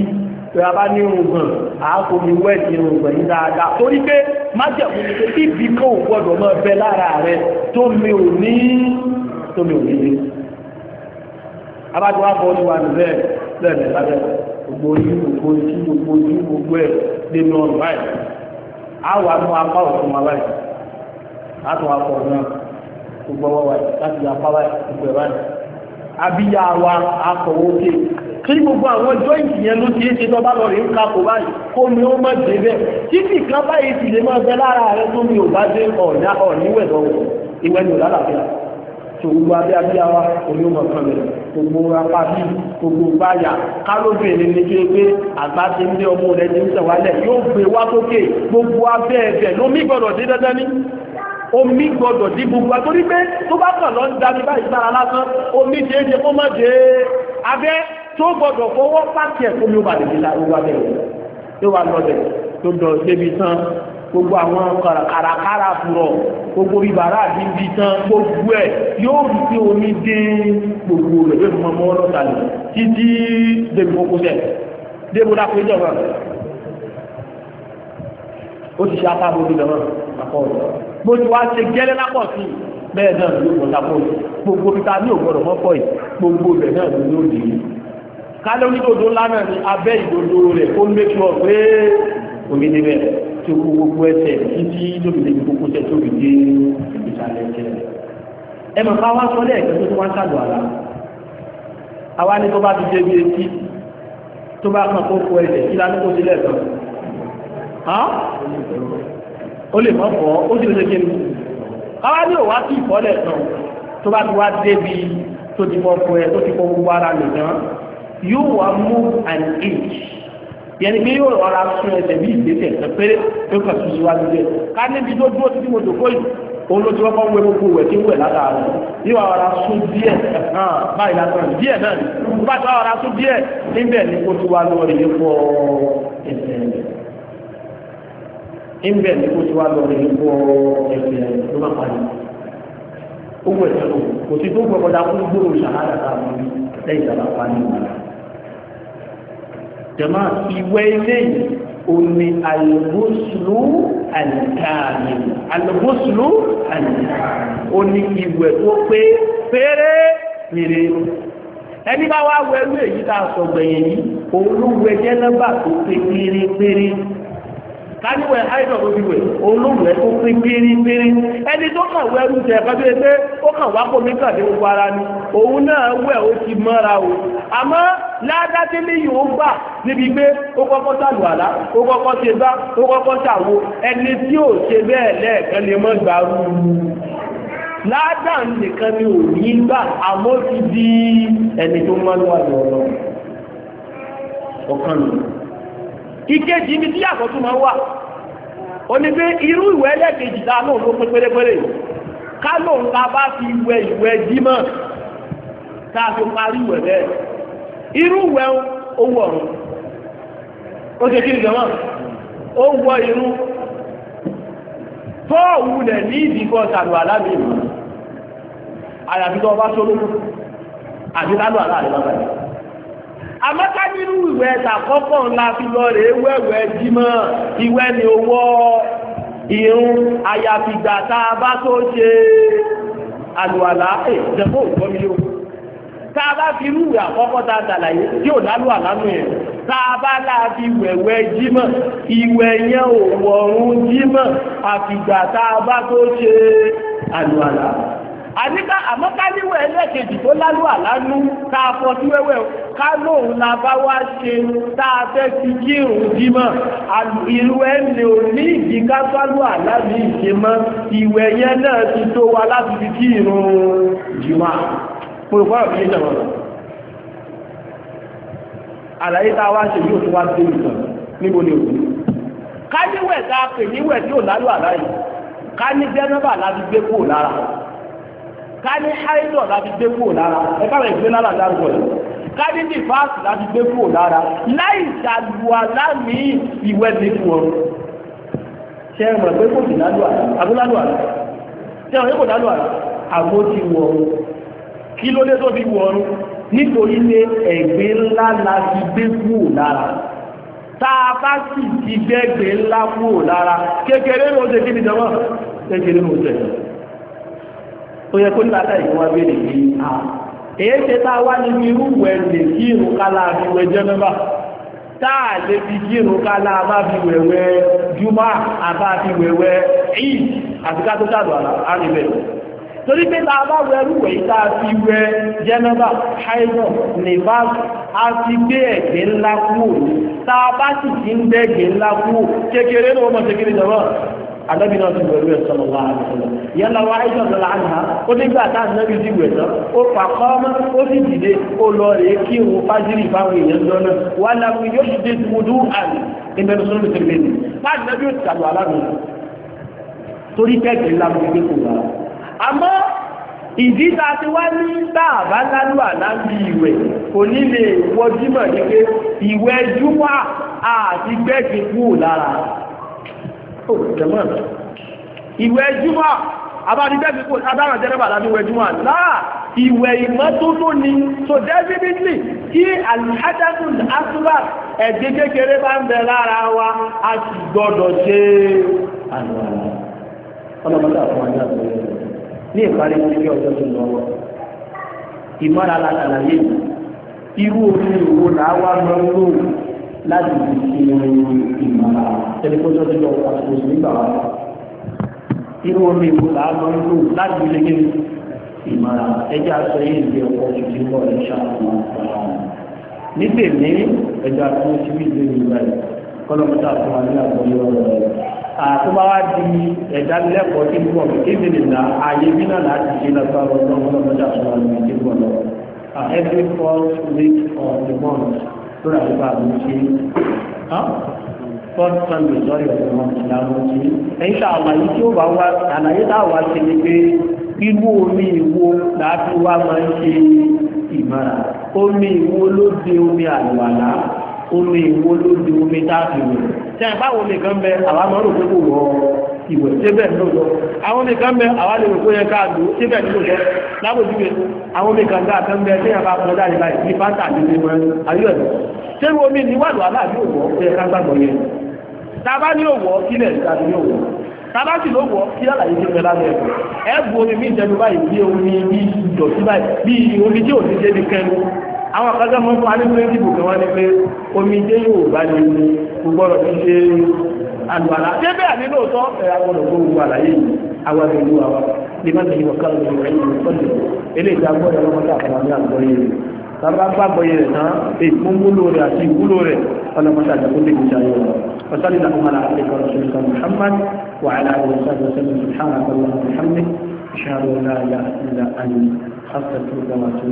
tó a bá ní irùngbọ̀n àákòmí wẹ́ẹ̀dì irùngbọ̀n yìí dáadáa torí pé májèmú ni pé ibi kan ò gbọdọ̀ máa bẹ lára rẹ tómi ò ní tómi ò ní ní. abájọ wa bọ ní wa ní bẹ́ẹ̀ bẹ́ẹ̀ bẹ́ẹ̀ lábẹ́ gbogbo ojú gbogbo ojú gbogbo ojú gbogbo ẹ̀ nínú ọ̀nà báyìí àwọn àmọ́ apá òfin wa báyìí àtún akọ náà gbogbo ọwọ́ wa láti apá báyìí gbogbo ẹ̀ báyìí abíyá wa akọ̀wé òkè kí gbogbo àwọn jọ́ìntì yẹn ló ti ṣe tọ́ba lọ rí ń ka kò báyìí kó mi ó mọ̀ dé bẹ́ẹ̀ títì kan báyìí sì lè máa bẹ lára rẹ tó mi ò bá dé ọ̀nà ọ̀níwẹ̀ lọ́wọ́ ìwẹ́ ni ò lálàáfíà tó gbogbo abẹ́ abíyá wa omi ó mọ̀ kan rẹ̀ gbogbo apá bí gbogbo báyà kálóbì ní ní kí pé àgbà ti ń dé ọmọ rẹ ti ń sẹ̀wálẹ̀ yóò gbé wá sókè gbogbo abẹ́ ẹ̀fẹ̀ lómi gbọ́dọ̀ dé dandan ní omi gbọ́dọ̀ dí gbogbo àtòrí pé tó bá kàn lọ ń dání báyìí sára lásán omi ṣeé ṣe kó má ṣe é abẹ́ tó gbọdọ̀ fọwọ́ pàṣẹ kó mi ó bá lè fi sáré wá bẹ́ẹ̀ ló wà lọ́dẹ̀ tó dọ̀ débi tán gbogbo àwọn kàràkàrà fúrọ̀ gbogbo ibàrá àdínbí tán gbogbo ẹ̀ yóò rí sí omi dé gbogbo rẹ̀ lórí mọ́mọ́ ọlọ́ta lè títí débi kókó sẹ̀ débi dákú ìjọba ó ti ṣe apá gbogbo ìjọba àkọọ̀rọ̀ bó ti wá ṣe gẹ́lẹ́ lápọ̀ sí i bẹ́ẹ̀ náà ló wọ́n lápò gbogbo títa ní ògbọ́dọ̀ mọ́kọ́ yìí gbogbo rẹ̀ náà ló ló dì í. kálórí dòdò ńlá náà ni abẹ́ ìdodo rẹ̀ ó make sure pé omi ni bẹ́ẹ̀ tó kó gbogbo ẹsẹ̀ títí lóbi lè fi kókó tẹ̀ tóbi dé ìsàlẹ̀ ẹsẹ̀ rẹ̀. ẹ mọ̀ ká wá sọ́lẹ̀ ẹ̀kẹ́ tó tó wá ń sàlù àlá. àwa ni tó bá ti débi etí tó bá kàn kó kó ẹsẹ̀ kí lánàá kó sílẹ̀ kan. ó lè mọ̀ fọ́ ó sì lè ṣe kí káwá ní òwá sí ìfọ́lẹ̀ tán tó bá ti wá débi tó ti fọ́ fún ẹ tó ti fọ́ gbogbo ara lò tán yóò wá move and age yẹni pé yóò rọra sún ẹsẹ̀ bí ìgbésẹ̀ ẹ̀sẹ̀ péré tó kà sùn síwájú jẹ ká níbi tó dúró títí mo dòkó yìí òun ló ti wọ́pọ̀ ń wẹ gbogbo wẹ̀ tí ń wẹ̀ ládàá rẹ̀ yóò wá rọra sún díẹ̀ hàn báyìí lásán díẹ̀ náà ni bá ti wá rọra sún díẹ̀ níbẹ̀ ni kó ti wá lórí ẹ̀fọ́ ẹsẹ̀ rẹ̀ ńbẹ̀ ní kó tí wá lọ rí kó ẹ̀sìn ló máa parí ó wọ ẹ̀sìn lò kò sí tó gbọ́kọ̀dá fún gbòòrò ṣàhádà tá a mú rí lẹ́yìn ìjàmbá parí ìwà jẹ̀má ìwẹ́ ilé òní àlùbọ́sùlù àlùkáàmì àlùbọ́sùlù àlùkáàmì òní ìwẹ̀ tó pé péré péré ẹni bá wá wẹrú èyí tá a sọ gbẹ̀yìn yìí òun ló wẹ jẹ́ nọ́mbà tó pé péré péré káníwẹ̀ áìdọ̀ ló fi wẹ̀ olóòwò ẹ̀ tó pé pérépéré ẹni tó kàn wẹ̀ ẹrú tẹ̀ kájú ẹ pé ó kàn wá kó mi kàn dé gbogbo ara ni òun náà wẹ̀ ó ti mọ́ra o àmọ́ ládàtẹ́lẹ̀ yìí gbà níbi pé ó kọ́kọ́ sàlùwàlá ó kọ́kọ́ ṣe bá ó kọ́kọ́ ṣàwo ẹni tí ò ṣe bẹ́ẹ̀ lẹ́ẹ̀kan lè mọ́ gbà rú ládà nìkan ni ò ní gbà àmọ́ ti di ẹni tó mọ́ lọ́wọ́ àlọ́ ọ̀kan nù ìkejì ibi tí yàtọ̀ tún máa wà ó ní pé irú ìwé ẹlẹ́kejì tá a lóun ló pín pérépéré ká lóun ta bá fi wẹ ìwé jímọ̀ tá a fi parí ìwé bẹ́ẹ̀ irú ìwé owó ọ̀run ó ṣe kí ni jọmọ́ ó wọ irú fọ́ọ̀wù lẹ̀ ní ìdíkọ̀ sàlù alámi àyàfi tó ọba sólókù àti lálù àlá àdébàbà yìí àmọ́ká nínú ìwẹ̀ ẹ̀sàkọ́kọ́ ńlá fi lọ rè é wẹ̀wẹ̀ jímọ̀ ìwẹ̀ ni owó irun àyàfìgbà tá a bá tó ṣe àlùwàlá ẹ̀ jẹ̀fọ́ òtọ́ mi o tá a bá fi irú ìwẹ̀ àkọ́kọ́ tá a ṣàlàyé tí ò lálùwàlá nù yẹn tá a bá láàbí wẹ̀wẹ̀ jímọ̀ ìwẹ̀ yẹn ò wọ̀run jímọ̀ àfìgbà tá a bá tó ṣe àlùwàlá àníká àmọ́ káníwẹ̀ ẹlẹ́kejì tó lálù àlánú tá a fọ sí wẹ́wẹ́ o ká lóun la bá wá ṣe tá a fẹ́ fi kí òun bí mọ́ ìlú ẹ̀ lè ò ní ìdí ká sálù àlánú ìṣe mọ́ ìwẹ̀ yẹn náà ti tó wa láti fi kí ìrun jùmọ̀ pòròpọ̀ ọ̀rọ̀ fi wọn. àlàyé tá a wá ṣe yóò tó wá dé ìtàn níbo ni òun káníwẹ̀ tá a pè níwẹ̀ tí ò lálù àlá yìí ká ní jẹ́nẹ́bà láti gbé kúrò lára Kani ní la láti gbé kúrò lára ẹ káwọn ìgbé náírà dárúkọ yìí ká ní nífàásì láti gbé kúrò lára láì ṣàlù alámi ìwẹ́ ní fún ọ. ṣé ẹ mọ̀ pé kò sí lálù àná àbúlálù àná ṣé ẹ mọ̀ pé kò lálù àná àbó ti wọ̀ ọ́ kí ló dé tó fi wọ̀ ọ́ nítorí pé ẹ̀gbẹ́ ńlá la fi gbé kúrò lára tá a bá sì ti gbẹ́gbẹ́ ńlá kúrò lára kékeré ló ṣe kí ni jọmọ́ kékeré ló ṣe tó yẹ kó nígbàtà yìí wá bẹ̀rẹ̀ pé a èyí ṣe tá a wá níbi irú wẹ̀ lè kí irun kálá fi wẹ̀ jẹ́nẹ́bà tá a lè fi kí irun kálá má fi wẹ̀wẹ̀ júmọ́ àbá fi wẹ̀wẹ̀ ẹ̀yìn àti ká tó dàdọ̀ àrìbẹ̀ torí pé tá a bá wẹ̀ irú wẹ̀ tá a fi wẹ̀ jẹ́nẹ́bà haidọ̀ nìbá a ti gbé ẹ̀gbẹ́ ńlá kúrò tá a bá sì ti ń gbẹ́gbẹ́ ńlá kúrò kékeré ní ọmọ anabi náà ti wẹ̀lú ẹ̀sán lọ́wọ́ àdìsọ́lọ́ yálà wá ẹ̀sán lọ́la àdìsá ó nígbà tá anabi ti wẹ̀ tán ó fà kọ́mọ́ ó sì dìde ó lọ rè é kí òun fájìrì fáwọn èèyàn jọ náà wà láwọn yóò ṣe dé wudú àlè ìbẹ̀rù sọ́nù ti lè ní láti anabi ó ti tàlù aláàbò torí tẹ́ẹ̀kì ńlá mo gbé kò wá. àmọ́ ìdí tá ti wá ní tá a bá ó oh, ìwẹ̀ júmọ́ abánidẹ́bí ala jẹ́rẹ́bà láti ìwẹ̀ júmọ́ iwe ìwẹ̀ ìmọ́tótó ni so definitely kí alhadathul asghar ẹ̀jẹ̀ kékeré bá ń bẹ lára wa a sì gbọ́dọ̀ ṣe àlọ́ ọlọ́mọdé àfọwọ́n ní láti fi ṣe ìmọ̀ra tẹlifóso ti lọ àtúnṣe nígbà wa irú omi ìwò là á lọ lò láti lè gé ìmọ̀ra ẹjẹ́ aṣọ yìí ń gbé ọkọ̀ títí bọ̀ ní ṣàkóso ọ̀la ní tèmi ẹjọ́ àtúnṣe bí ìlú ìlú rẹ̀ kọ́lọ́mọ́tà fún wa ní àgbọ̀yé ọ̀rọ̀ rẹ̀ àtúbà wa di ẹ̀dá lẹ́kọ̀ọ́ tí ń bọ̀ kéde lè la ààyè bí náà láti ṣe lọ́sọ̀rọ̀ ọ̀dọ́ ọ̀dọ́ ọ̀dọ́ àṣọ àlùmí tí ń bọ̀ lọ. every fourth week of the month tó nípa àwọn ṣe fọ́ọ̀tù sọ́ndé sọ́rí ọ̀sẹ̀ wọn ti ṣe. ẹ̀yin tá a wà yìí tí ó bá wá àlàyé tá a wá ṣe ni pé irú omi ìwo làáfi wá máa ń ṣe ìmọ̀ràn omi ìwo ló de omi àlùwàlá omi ìwo ló de omi táàbì wò. sẹ́yìn báwo nìkan bẹ àwa máa ń rò pé kò wọ́ ìwẹ̀ síbẹ̀ ní òjò àwọn nìkan bẹ àwọn àlejò kó yẹ ká lò síbẹ̀ ní òjò lábòjúwe àwọn nìkan ká kan bẹ téèyàn bá kọjá ní báyìí ní fáńtà ní ní wọn ayé ẹ̀ ṣé wo mi ní wàlúwà láàbí òwò ó yẹ ká gbàgbọ́ yẹn tábà ní òwò kílẹ̀ ìtàbí ní òwò tábà sì lówó kí àlàyé ti fẹ́ lábẹ́ ẹ̀ ẹ̀ bu omi mi ìjẹnu báyìí bí omi bí ìdọ̀tí báyìí bí omi tí ò àwọn àkájọ́ mọ́ fún alẹ́ pé dìbò kan wá ní pé omi dé yóò bá lè mú gbogbo ọ̀rọ̀ tí ṣe àlùbàlà ṣé bẹ́ẹ̀ ní lóòótọ́ ẹ̀ agbọ́dọ̀ tó gbogbo àlàyé àwọn ìlú àwa má tẹ̀lé wọ̀ká lórí ẹ̀yìn ìfọ́lẹ̀ eléyìí agbọ́dọ̀ ọlọ́mọdé àfọwọ́n àgbọ́yé rẹ̀ sábà gbàgbọ́yé rẹ̀ tán ìfúnwúlò rẹ̀ àti ìwúlò rẹ̀ ọlọ́mọdé àjàkúndé